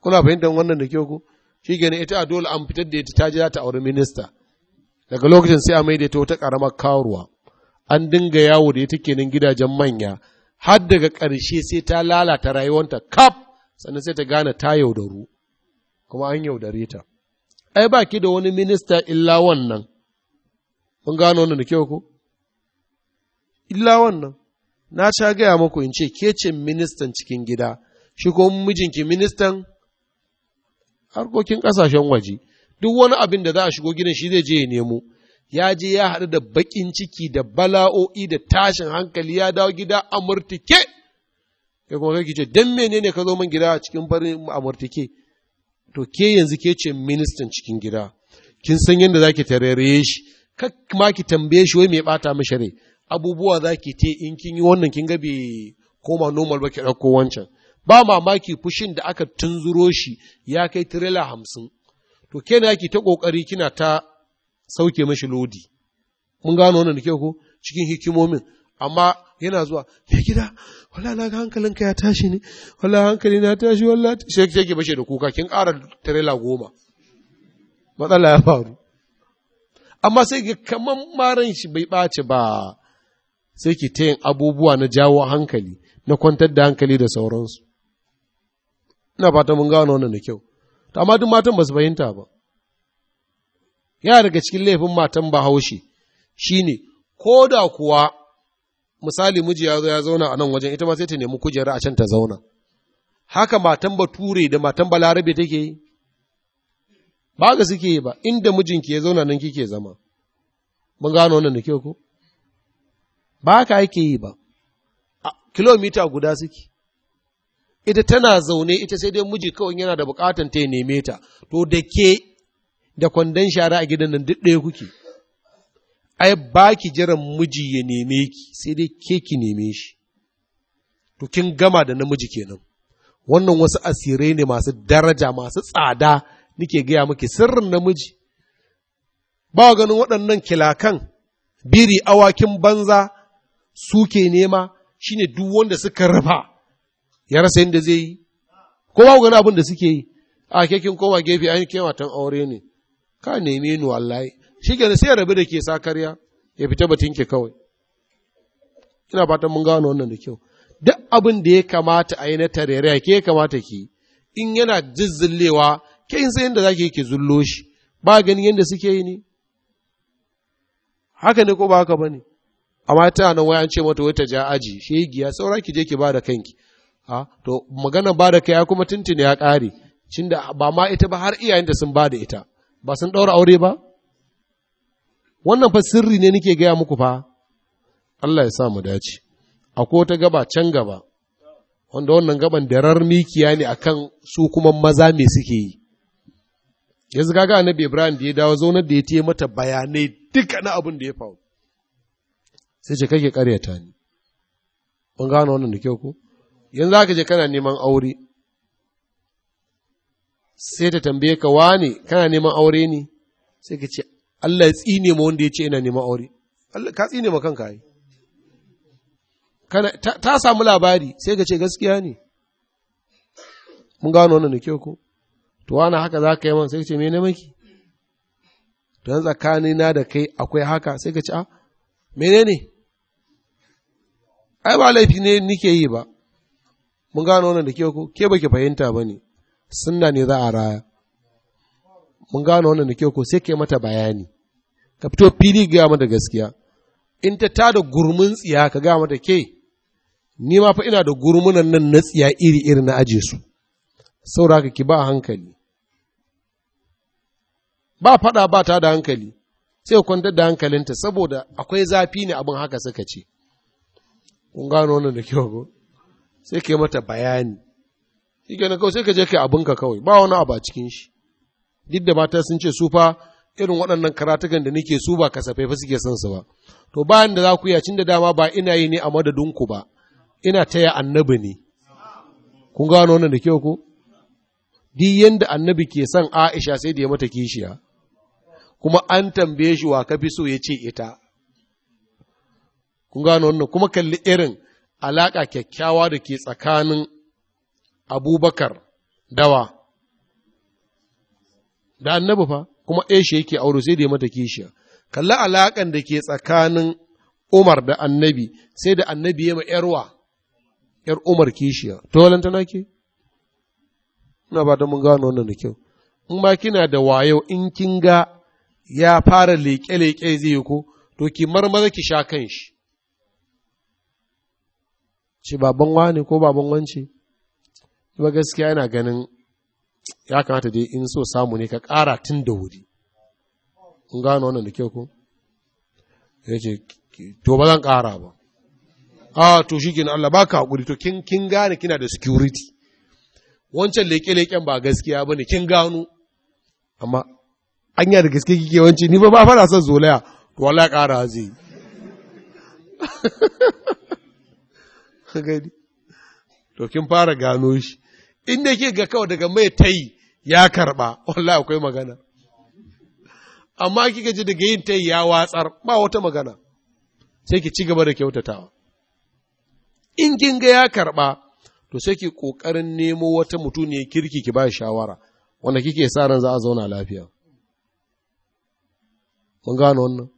kuna fahimtar wannan da kyau ku shi gani ita a dole an fitar da ita ta ji ta auri minista daga lokacin sai a mai da ita wata karamar karuwa an dinga yawo da ita kenan gidajen manya har daga ƙarshe sai ta lalata rayuwanta kaf sannan sai ta gane ta yaudaru kuma an yaudare ta ai ba ki da wani minista illa wannan kun gano wannan da kyau ko illa wannan na sha gaya muku in ce ke ce ministan cikin gida shi ko mijinki ministan harkokin ƙasashen waje duk wani abin da za a shigo gidan shi zai je ya nemo ya je ya haɗu da baƙin ciki da bala'o'i da tashin hankali ya dawo gida a murtike ya kuma kai ce mene menene ka zo man gida a cikin farin a murtike to ke yanzu ke ce ministan cikin gida kin san yadda zaki tarere shi kak ma ki tambaye shi wai me bata mishi rai abubuwa zaki te in kin yi wannan kin ga bai koma normal ba ki dauko wancan ba mamaki fushin da aka tunzuro shi ya kai tirela hamsin to ke na ta kokari kina ta sauke mashi lodi mun gano wannan da kyau ko cikin hikimomin amma yana zuwa ya gida wala na ga hankalinka ya tashi ne wala hankali na tashi wala sai ke bashe da kuka kin ƙara tirela goma matsala ya faru amma sai ga kaman maran shi bai bace ba sai ki ta abubuwa na jawo hankali na kwantar da hankali da sauransu ina fata mun gano wannan da kyau amma duk matan ba su fahimta ba yana daga cikin laifin matan bahaushe ne ko da kuwa misali miji ya zo ya zauna a nan wajen ita ma sai ta nemi kujera a can ta zauna haka matan bature da matan balarabe take yi ba ga suke yi ba inda mijinki ya zauna nan kike zama mun gano wannan da ko ba ka yake yi ba kilomita guda suke ita tana zaune ita sai dai miji kawai yana da bukatan ta neme ta to da ke da kwandon shara a gidan nan duk ɗaya kuke ai ba ki jiran miji ya neme ki sai dai ke ki neme shi to kin gama da namiji kenan wannan wasu asirai ne masu daraja masu tsada nike gaya miki sirrin namiji ba ganin waɗannan kilakan biri awakin banza suke nema shine duk wanda suka raba ya rasa yadda zai yi ko ba ganin abin da suke yi a kekin koma gefe an ke matan aure ne ka neme ni wallahi shi ke sai rabu da ke sa karya ya fita batun ke kawai ina fatan mun gano wannan da kyau duk abin da ya kamata a yi na tarere ke ya kamata ki in yana jizzillewa ke in sai yadda za ki zullo shi ba gani yadda suke yi ni haka ne ko ba haka ba ne amma ta nan an ce mata wata ja aji shi giya saura ki je ki ba da kanki ha ah, to magana ba da kai kuma tuntuni ya ƙare cin da ba ma ita ba har iyayen da sun ba da ita ba sun ɗaura aure ba wannan fa sirri ne nake gaya muku fa Allah ya sa mu dace akwai wata gaba can gaba wanda wannan gaban darar mikiya ne akan su kuma maza me suke yi yanzu kaga annabi Ibrahim da ya dawo zaunar da ya yi mata bayanai duka na abin da ya faru sai ce kake karyata ni ban gane wannan da kyau ko yanzu haka je kana neman aure sai ta tambaye ka wane kana neman aure ne sai ka ce Allah ya tsine ma wanda ya ce ina neman aure Allah ka tsine ma kanka ai kana ta, samu labari sai ka ce gaskiya ne mun gano wannan da kyau ko to wani haka za ka yi man sai ka ce me ne maki don tsakani na da kai akwai haka sai ka ce a ah, menene ai ba laifi ne nike yi ba mun gano wannan da kyau ko ke baki fahimta ba ne sunna ne za a raya mun gano wannan da kyau ko sai kai mata bayani ka fito fili gaya mata gaskiya in ta tada gurmin tsiya ka gaya mata ke ni ma fa ina da gurmunan nan na tsiya iri iri na aje su saura ka ki ba hankali ba fada ba ta da hankali sai kwantar da hankalinta saboda akwai zafi ne abin haka suka ce kun gano wannan da kyau ko sai kai mata bayani shi kenan kawai sai ka je kai abinka kawai ba wani abu a cikin shi duk da mata sun ce su fa irin waɗannan karatukan da nake su ba kasafai fa suke son su ba to bayan da za ku yi cin da dama ba ina yi ne a madadinku ba ina taya annabi ne kun gano wannan da kyau ko duk yanda annabi ke son Aisha sai da ya mata kishiya kuma an tambaye shi wa ka fi so ya ce ita kun gano wannan kuma kalli irin alaka kyakkyawa da ke tsakanin abubakar dawa da annabi fa kuma aisha eh yake aure sai da ya mata kishiya kalli alaƙan da ke tsakanin umar da annabi sai da annabi ya ma yarwa yar umar kishiya to na ke ina ba da mun gano wannan da kyau in ma kina da wayo in kin ga ya fara leƙe-leƙe zai yi ko to ki marmaza ki sha kan shi ce baban wani ko baban wance ba gaskiya yana ganin ya kamata dai in so samu ne ka ƙara tun da wuri in gano wannan da kyau ko ya ce to ba zan ƙara ba a to shi gina Allah ba ka haƙuri to kin gane kina da security wancan leƙe-leƙen ba gaskiya ba ne kin gano amma an yi da gaske kike wancan ni ba ba fara son zolaya to wala ƙara zai gani to kin fara gano shi in da ke ga kawai daga mai ta yi ya karɓa wallahi akwai magana amma kika ji daga yin ta yi ya watsar ba wata magana sai ki ci gaba da kyautatawa in kin ga ya karɓa to sai ki ƙoƙarin nemo wata ya kirki ki ba shawara wanda kike sa ran za a zauna lafiya mun gano wannan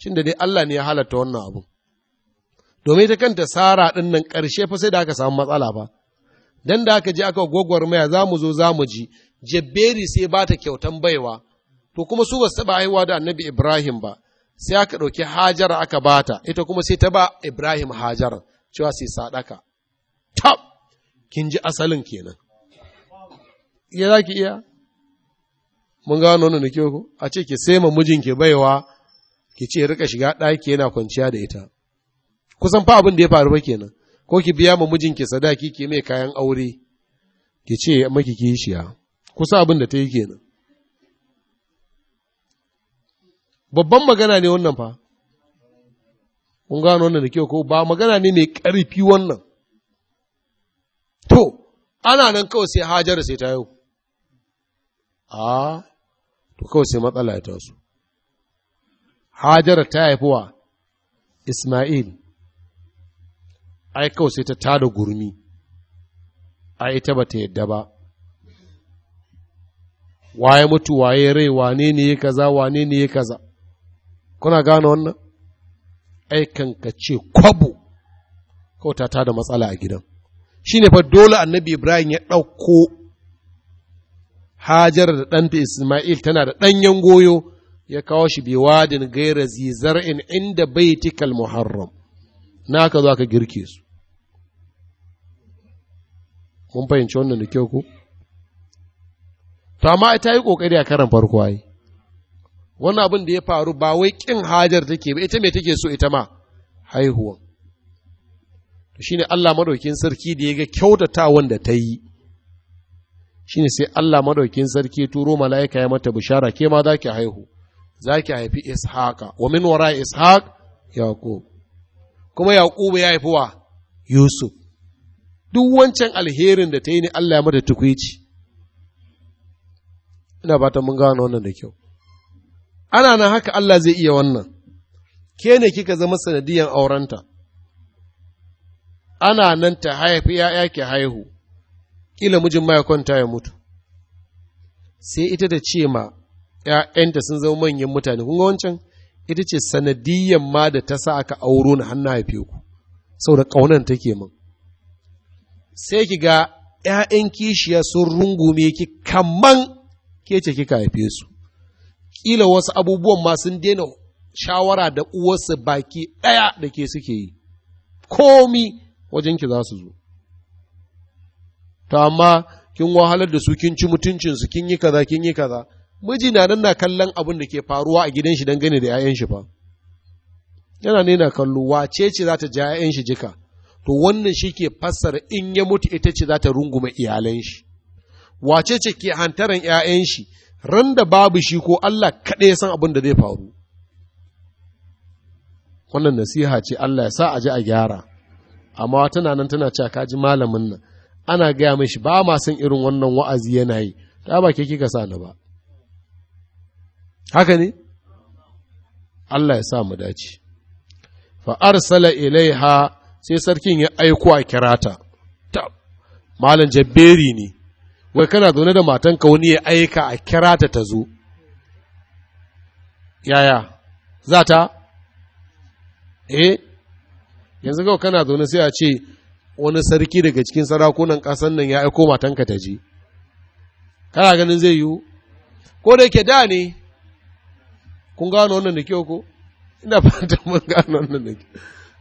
Cin da dai Allah ne ya halatta wannan abu domin ta kanta sara ɗin nan ƙarshe fa sai da aka samu matsala ba dan da aka je aka gwagwarmaya za mu zo za mu ji jabberi sai ba ta kyautan baiwa to kuma su ba su taɓa haihuwa da annabi ibrahim ba sai aka ɗauki hajara aka bata ita kuma sai ta ba ibrahim hajara cewa sai sadaka ta kin ji asalin kenan ya za ki iya mun gano wannan da a ce ki sai mijinki baiwa ki ce rika shiga ɗaki yana kwanciya da ita kusan fa abin da ya faru ba kenan ko ki biya ma mijinki sadaki ki mai kayan aure ki ce maki kishiya kusa abin da ta yi kenan babban magana ne wannan fa kun gano wannan da kyau ko ba magana ne mai ƙarfi wannan to ana nan kawai sai hajar sai ta yau a to kawai sai matsala ya taso hajar ta haifuwa isma'il ai kawai sai ta tada gurmi ai ita ba ta yadda ba waye mutu waye rai wane ne ya kaza wane ne ya kaza kuna gane wannan ai ka ce kwabo kawai ta tada matsala a gidan shine fa dole annabi ibrahim ya ɗauko hajar da ɗanta isma'il tana da ɗanyen goyo ya kawo shi biwadin wadin gaira zizar'in inda baitikal muharram na haka za ka girke su mun fahimci wannan da kyau ku. to amma ta yi kokari a karan farko ai wannan abin da ya faru ba wai kin hajar take ba ita me take so ita ma haihuwan to shine Allah madaukin sarki da ya ga kyautatawan da ta yi shine sai Allah madaukin sarki turo mala'ika ya mata bishara ke ma zaki haihu zaki haifi ishaqa wa min wara ishaq yaqub kuma yaƙubu ya haifi wa yusuf duk wancan alherin da ta yi ne Allah ya mata tukwici ina ta mun gano wannan da kyau ana nan haka Allah zai iya wannan ke ne kika zama sanadiyan aurenta ana nan ta haifi ‘ya'ya ke haihu, ƙila mijin ma ya kwanta ya mutu, sai ita ta ce ma ‘ya'yanta sun zama manyan mutane, kun ga wancan ita ce sanadiyyan ma da ta sa aka auro na hannu haife ku saboda ƙaunar take min sai ki ga ‘ya'yan kishiya sun rungume ki kaman ke ce kika haife su ƙila wasu abubuwan ma sun daina shawara da uwarsu baki ɗaya da ke suke yi komi wajen ki za su zo ta amma kin wahalar da su kin ci mutuncinsu kin yi kaza kin yi kaza miji na nan na kallon abin da ke faruwa a gidan shi dangane da 'ya'yan shi fa yana ne kallo wace ce za ta ja 'ya'yan shi jika to wannan shi ke fassara in ya mutu ita ce za ta runguma iyalan shi wace ce ke hantaran 'ya'yan shi ran da babu shi ko Allah kaɗai ya san abin da zai faru wannan nasiha ce Allah ya sa a ji a gyara amma tana nan tana cewa kaji malamin nan ana gaya mishi ba ma san irin wannan wa'azi yana yi ta ba ke kika sa ni ba haka ne Allah ya sa mu dace fa arsala ilaiha sai sarkin ya aiko a kirata ta malam jabberi ne wai kana zaune da matanka wani ya aika a kirata ta zo yaya za ta eh yanzu kawai kana zaune sai a ce wani sarki daga cikin sarakunan ƙasan nan ya aiko matanka ta je kana ganin zai yiwu ko da yake da ne kun gano wannan da kyau ko ina fata mun gano wannan da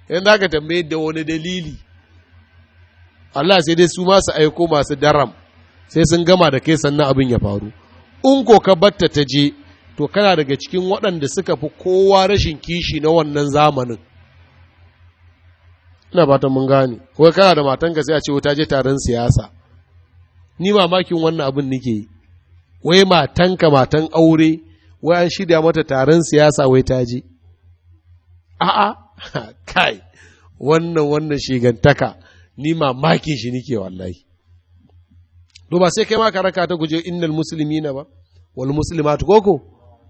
kyau da aka tambaye da wani dalili Allah sai dai su masu aiko masu daram sai sun gama da kai sannan abin ya faru in ko ka batta ta je to kana daga cikin waɗanda suka fi kowa rashin kishi na wannan zamanin ina fatan mun gane ko kana da matanka sai a ce ta je taron siyasa ni mamakin wannan abin nake yi wai matanka matan aure wai an shirya mata taron siyasa wai ta je a'a kai wannan wannan shigantaka ni mamakin shi nike wallahi ba sai kai ma ka raka ta guje innal muslimina ba wal muslimat koko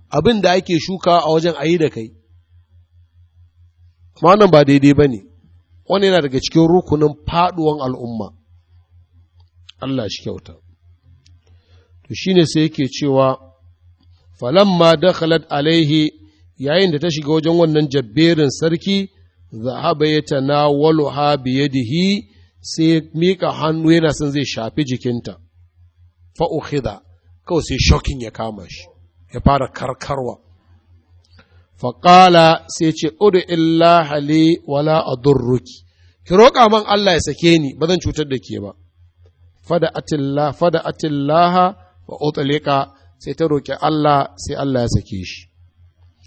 abin da ake shuka a wajen ayi da kai amma wannan ba daidai bane ne wani yana daga cikin rukunin faduwan al'umma Allah shi kyauta to shine sai yake cewa falamma dakhalat alaihi yayin da ta shiga wajen wannan jabberin sarki zahaba ya tanawaluha biyadihi sai mika hannu yana son zai shafi jikinta fa ukhidha kawai sai shokin ya kama shi ya fara karkarwa faƙala sai ce udu illa wala adurruki ki roƙa man Allah ya sake ni ba zan cutar da ke ba fada atillaha wa utlika sai ta roƙi Allah sai Allah ya sake shi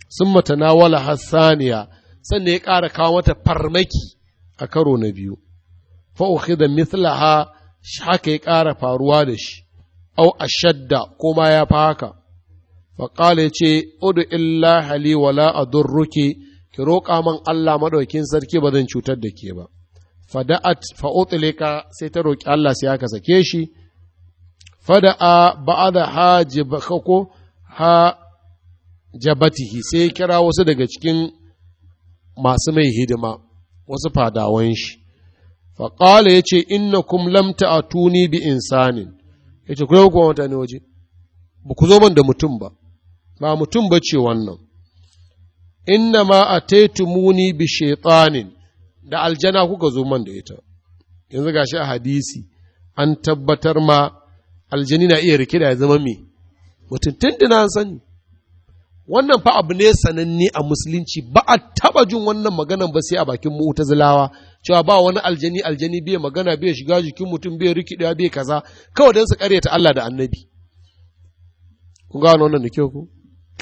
sun wala hassaniya sannan ya ƙara kawo mata farmaki a karo na biyu fa'uhi da mithlaha haka ya ƙara faruwa da shi au ashadda ko ma ya fa haka faƙala ya ce udu illa hali wala a adurruki ki roƙa man Allah maɗaukin sarki ba zan cutar da ke ba fada'at ka sai ta roƙi Allah sai aka sake shi Fada fada'a ba'ada hajib ko ha jabatihi sai kira wasu daga cikin masu mai hidima wasu fadawan shi faƙala ya ce lamta a tuni bi insanin ya ce kuma kuma mutane waje ba ku zo ban da mutum ba ba mutum ba ce wannan inna ma a muni bi shaitanin da aljana kuka zo man da ita yanzu gashi a hadisi an tabbatar ma aljani na iya rikida ya zama me mutum tindina sani wannan fa abu ne sananne a musulunci ba a taba jin wannan maganan ba sai a bakin ta mu'tazilawa cewa ba wani aljani aljani bai magana bai shiga jikin mutum bai rikida bai kaza kawai don su karyata Allah da annabi kun ga wannan da kyau ko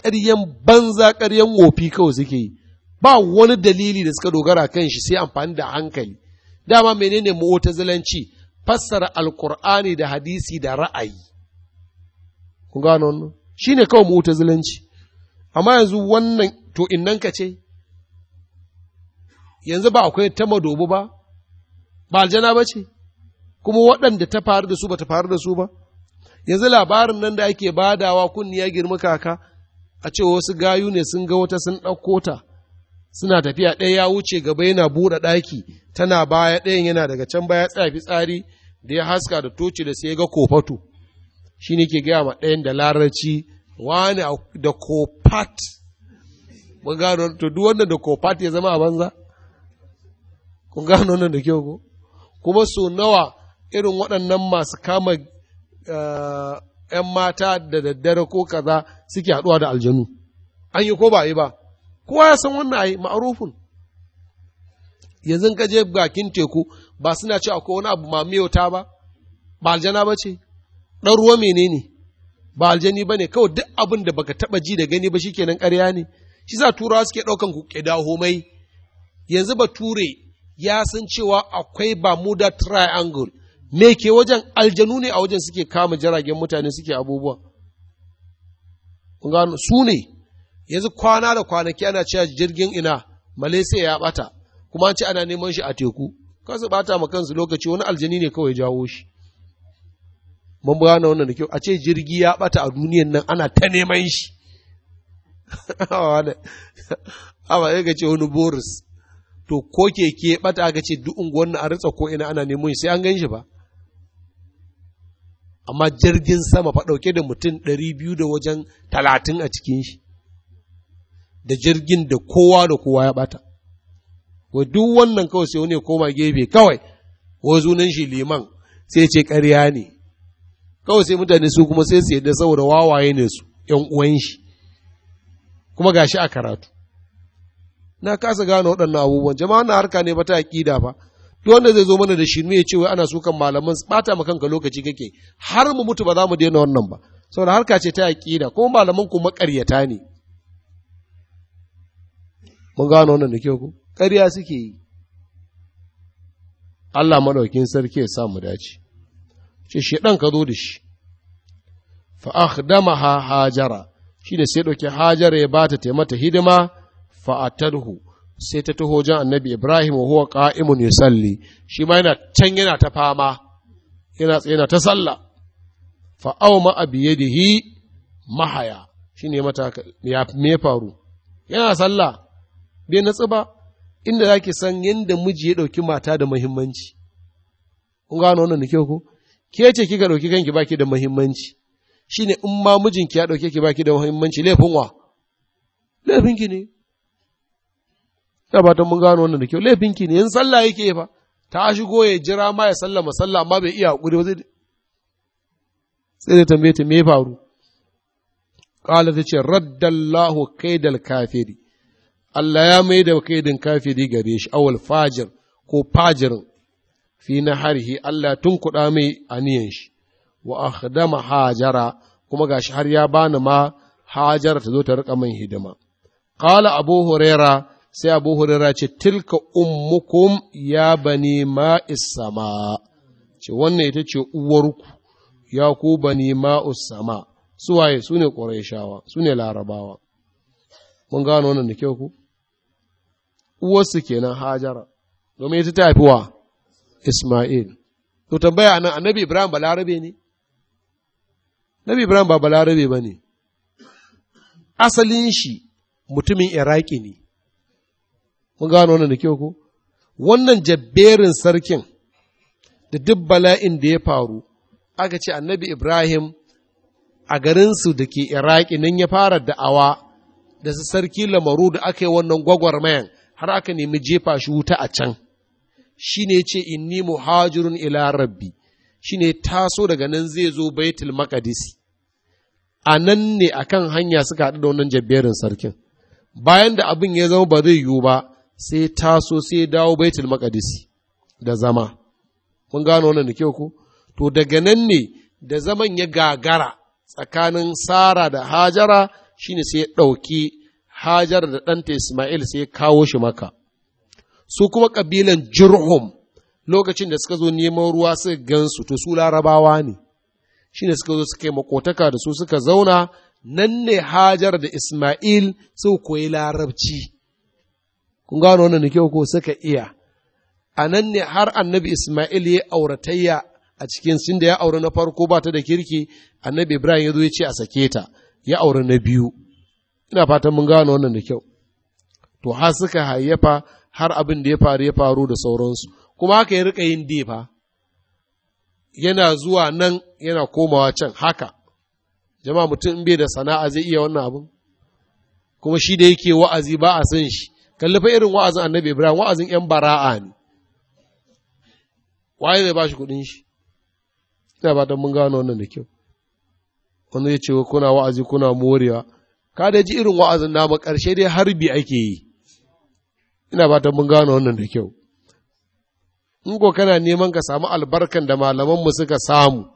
ƙaryan banza ƙaryan wofi kawai suke yi ba wani dalili da suka dogara kan shi sai amfani da hankali dama menene mu'tazilanci fassara alkur'ani da hadisi da ra'ayi ku gano wannan shine kawai mu'tazilanci amma yanzu wannan to ka ce yanzu ba akwai ta madobu ba ba aljana ba ce kuma waɗanda ta faru da su ba ta faru da su ba yanzu labarin nan da ake badawa kunni ya girma kaka a cewa wasu gayu ne sun ga wata sun ɗauko ta suna tafiya ɗaya ya wuce gaba yana buɗe ɗaki tana baya ɗayan yana daga can baya tsaya fitsari da ya haska da toci da sai ga kofatu shi ne ke gaya ma ɗayan da larabci wani da kofat mun gano to duk wannan da kofat ya zama a banza kun gano wannan da kyau ko kuma so nawa irin waɗannan masu kama eh, ƴan mata da daddare ko kaza suke haɗuwa da aljanu an yi ko ba yi ba kowa ya san wannan ayi ma'arufin yanzu ka je bakin teku ba suna ce akwai wani abu mamiyauta ba ba aljana ba ce ɗan ruwa menene ba aljani ba ne kawai duk abin da baka taɓa ji da gani ba shi kenan ƙarya ne shi za turawa suke ɗaukan ku dawo mai yanzu ba ture ya san cewa akwai Bermuda Triangle me ke wajen aljanu ne a wajen suke kama jiragen mutane suke abubuwa. su ne yanzu kwana da kwanaki ana cewa jirgin ina malaysia ya bata kuma an ce ana neman shi a teku kansu bata ma kansu lokaci wani aljani ne kawai jawo shi mun na wannan da kyau a ce jirgi ya bata a duniyan nan ana ta neman shi awa ya ga ce wani boris to ko keke bata aka ce duk unguwan na a ritsa ko ina ana neman shi sai an gan shi ba amma jirgin sama fa dauke da mutum 200 biyu da wajen talatin a cikin shi da jirgin da kowa da kowa ya bata wa duk wannan kawai sai wani ya koma gefe kawai wa zunan shi liman sai ce ƙarya ne kawai sai mutane su kuma sai su yadda saboda wawaye ne su ‘yan uwan shi kuma gashi a karatu na kasa gane waɗannan abubuwan jama'a na harka ne ba ta ba duk wanda zai zo mana da shi ya ce wai ana sukan malaman bata ma kanka lokaci kake har mu mutu ba za mu daina wannan ba saboda harka ce ta aƙida kuma malaman ku maƙaryata ne mun gano wannan da ke ku ƙarya suke yi Allah madaukin sarki ya sa mu dace ce ɗan ka zo da shi fa akhdamaha hajara shi da sai dauke hajara ya bata ta mata hidima fa atadhu sai ta taho jan annabi Ibrahim wa huwa qa'imun yusalli shi ma yana can yana ta fama yana tsaye ta salla. fa auma abi yadihi mahaya shine mata ya faru yana sallah bai natsu ba inda za ki san yadda miji ya ɗauki mata da muhimmanci kun gano wannan da kyau ko ke ce kika ɗauki kanki baki da muhimmanci ne in ma mijinki ya ɗauke ki baki da muhimmanci laifin wa laifinki ne ina fatan mun gano wannan da kyau laifinki ne Yan sallah yake fa ta shigo ya jira ma ya sallama sallah amma bai iya hakuri ba zai sai da tambaye ta me faru qala ta ce raddallahu kaidal kafiri Allah ya mai da kai kafiri gare shi awal fajir ko fajir. fi na harhi Allah tun kuɗa mai aniyan shi wa akhdama hajara kuma gashi har ya bani ma hajara ta zo ta rika min hidima qala abu huraira sai abu huraira ce tilka ummukum ya bani ma sama ce wannan ita ce uwarku ya ku bani ma sama suwaye su ne sune su ne larabawa mun gano wannan da kyau ku uwarsu kenan hajara domin ita ta fi wa Ismail. To tambaya nan annabi Ibrahim balarabe ne? Nabi Ibrahim ba balarabe ba ne, asalin shi mutumin Iraki ne, mun gano wannan da kyau ko? Wannan jabberin sarkin da duk bala'in da ya faru, aka ce annabi Ibrahim a garinsu da ke Iraki nan ya fara da'awa da su sarki lamaru da aka yi wannan gwagwarmayan har aka nemi jefa shi wuta a can shi ne ce inni muhajirun ila rabbi shi ne taso daga nan zai zo baitul makadisi a nan ne akan hanya suka haɗu da wannan jabberin sarkin bayan da abin ya zama ba zai yiwu ba sai taso sai dawo baitul makadisi da zama mun gano wannan da kyau ko to daga nan ne da zaman ya gagara tsakanin sara da hajara shine sai ya ɗauki hajar da ɗanta Ismail sai kawo shi maka. Su kuma ƙabilan Jirhum lokacin da suka zo neman ruwa suka gansu to su larabawa ne, shi ne suka zo suka yi makotaka da su suka zauna nan ne hajar da Ismail su koyi larabci. Kun gano wannan kyau ko suka iya. A nan ne har annabi Ismail ya auratayya a cikin sin da ya aure na farko ba ta da kirki, annabi Ibrahim ya zo ya ce a sake ta, ya aure na biyu. ina fatan mun gano wannan da kyau to har suka hayyafa har abin da ya faru ya faru da sauransu kuma haka ya rika yin defa yana zuwa nan yana komawa can haka jama'a mutum in bai da sana'a zai iya wannan abin kuma shi da yake wa'azi ba a san shi kalli fa irin wa'azin annabi ibrahim wa'azin yan bara'a ne waye zai ba shi kuɗin shi ina ba mun gano wannan da kyau wanda ya ce kuna wa'azi kuna morewa ka da ji irin wa'azin na ƙarshe dai harbi ake yi ina ta mun gano wannan da kyau in ko kana neman ka samu albarkan da malamanmu suka samu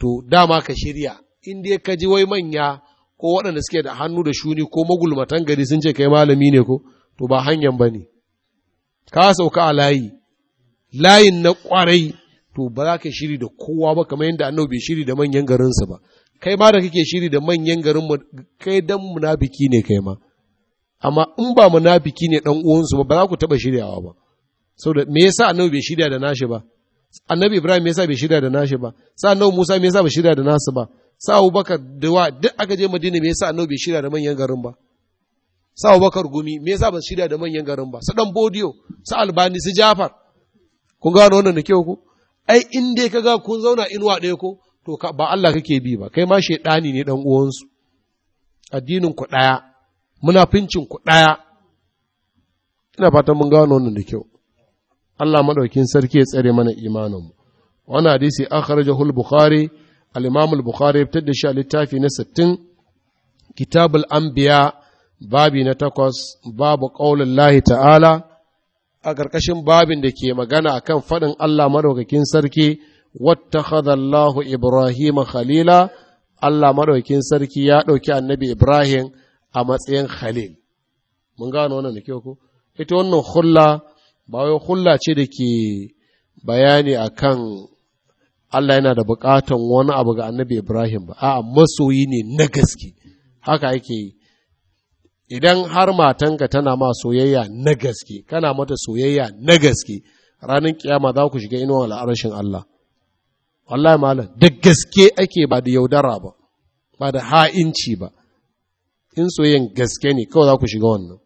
to dama ka shirya in dai ka ji wai manya ko waɗanda suke da hannu da shuni ko magulmatan gari sun ce kai malami ne ko to ba hanyar ba ne ka sauka a layi layin na ƙwarai to ba za ka shiri da kowa ba kamar yadda annabi bai shiri da manyan garinsa ba kai ma da kake shiri da manyan garin mu kai dan munafiki ne kai ma amma in ba munafiki ne dan uwansu ba ba za ku taba shiryawa ba saboda me yasa annabi bai shirya da nashi ba annabi ibrahim me yasa bai shirya da nashi ba sa annabi musa me yasa bai shirya da nasu ba sa abubakar da wa duk aka je madina me yasa annabi bai shirya da manyan garin ba sa abubakar gumi me yasa ba shirya da manyan garin ba su dan bodiyo su albani su jafar kun gano wannan da kyau ku ai in dai kaga kun zauna inuwa ɗaya ko to ba Allah kake bi ba kai ma shaidani ne dan uwansu addinin ku daya munafincin ku daya ina fatan mun gano wannan da kyau Allah madaukin sarki ya tsare mana imanin mu wannan hadisi akhrajahu al-bukhari al-imam al-bukhari ya da shi a littafi na 60 kitabul anbiya babi na takwas babu qaulin ta'ala a ƙarƙashin babin da ke magana akan faɗin Allah madaukakin sarki Wata Allahu Ibrahim khalila Allah madaukin sarki ya dauki annabi Ibrahim a matsayin khalil mun gano wannan da ko ita wannan hulla ba wai hulla ce da ke bayani akan Allah yana da bukatan wani abu ga annabi Ibrahim ba a'a masoyi ne na gaske haka yake yi idan har matanka tana ma soyayya na gaske kana mata soyayya na gaske ranar kiyama za ku shiga inuwa al'arashin Allah wallahi malam da gaske ake ba da yaudara ba ba da ha'inci ba in soyayyen gaske ne kawai za ku shiga wannan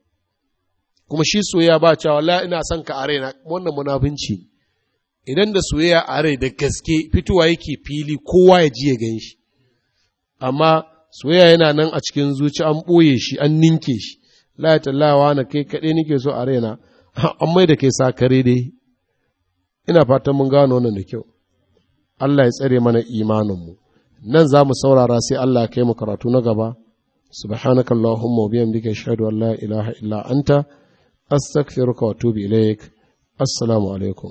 kuma shi soyayya ba cewa wallahi ina son ka are na wannan munafunci idan da soyayya a da gaske fitowa yake fili kowa ya ji ya gan shi amma soyayya yana nan a cikin zuci an ɓoye shi an ninke shi la tallawa na kai kaɗai nake so a raina an mai da kai sakare dai ina fatan mun gano wannan da kyau Allah ya tsare mana imaninmu nan za mu saurara sai Allah ya kai mu karatu na gaba subhanaka allahumma wa bihamdika ashhadu an la ilaha illa anta astaghfiruka wa atubu ilaik assalamu alaikum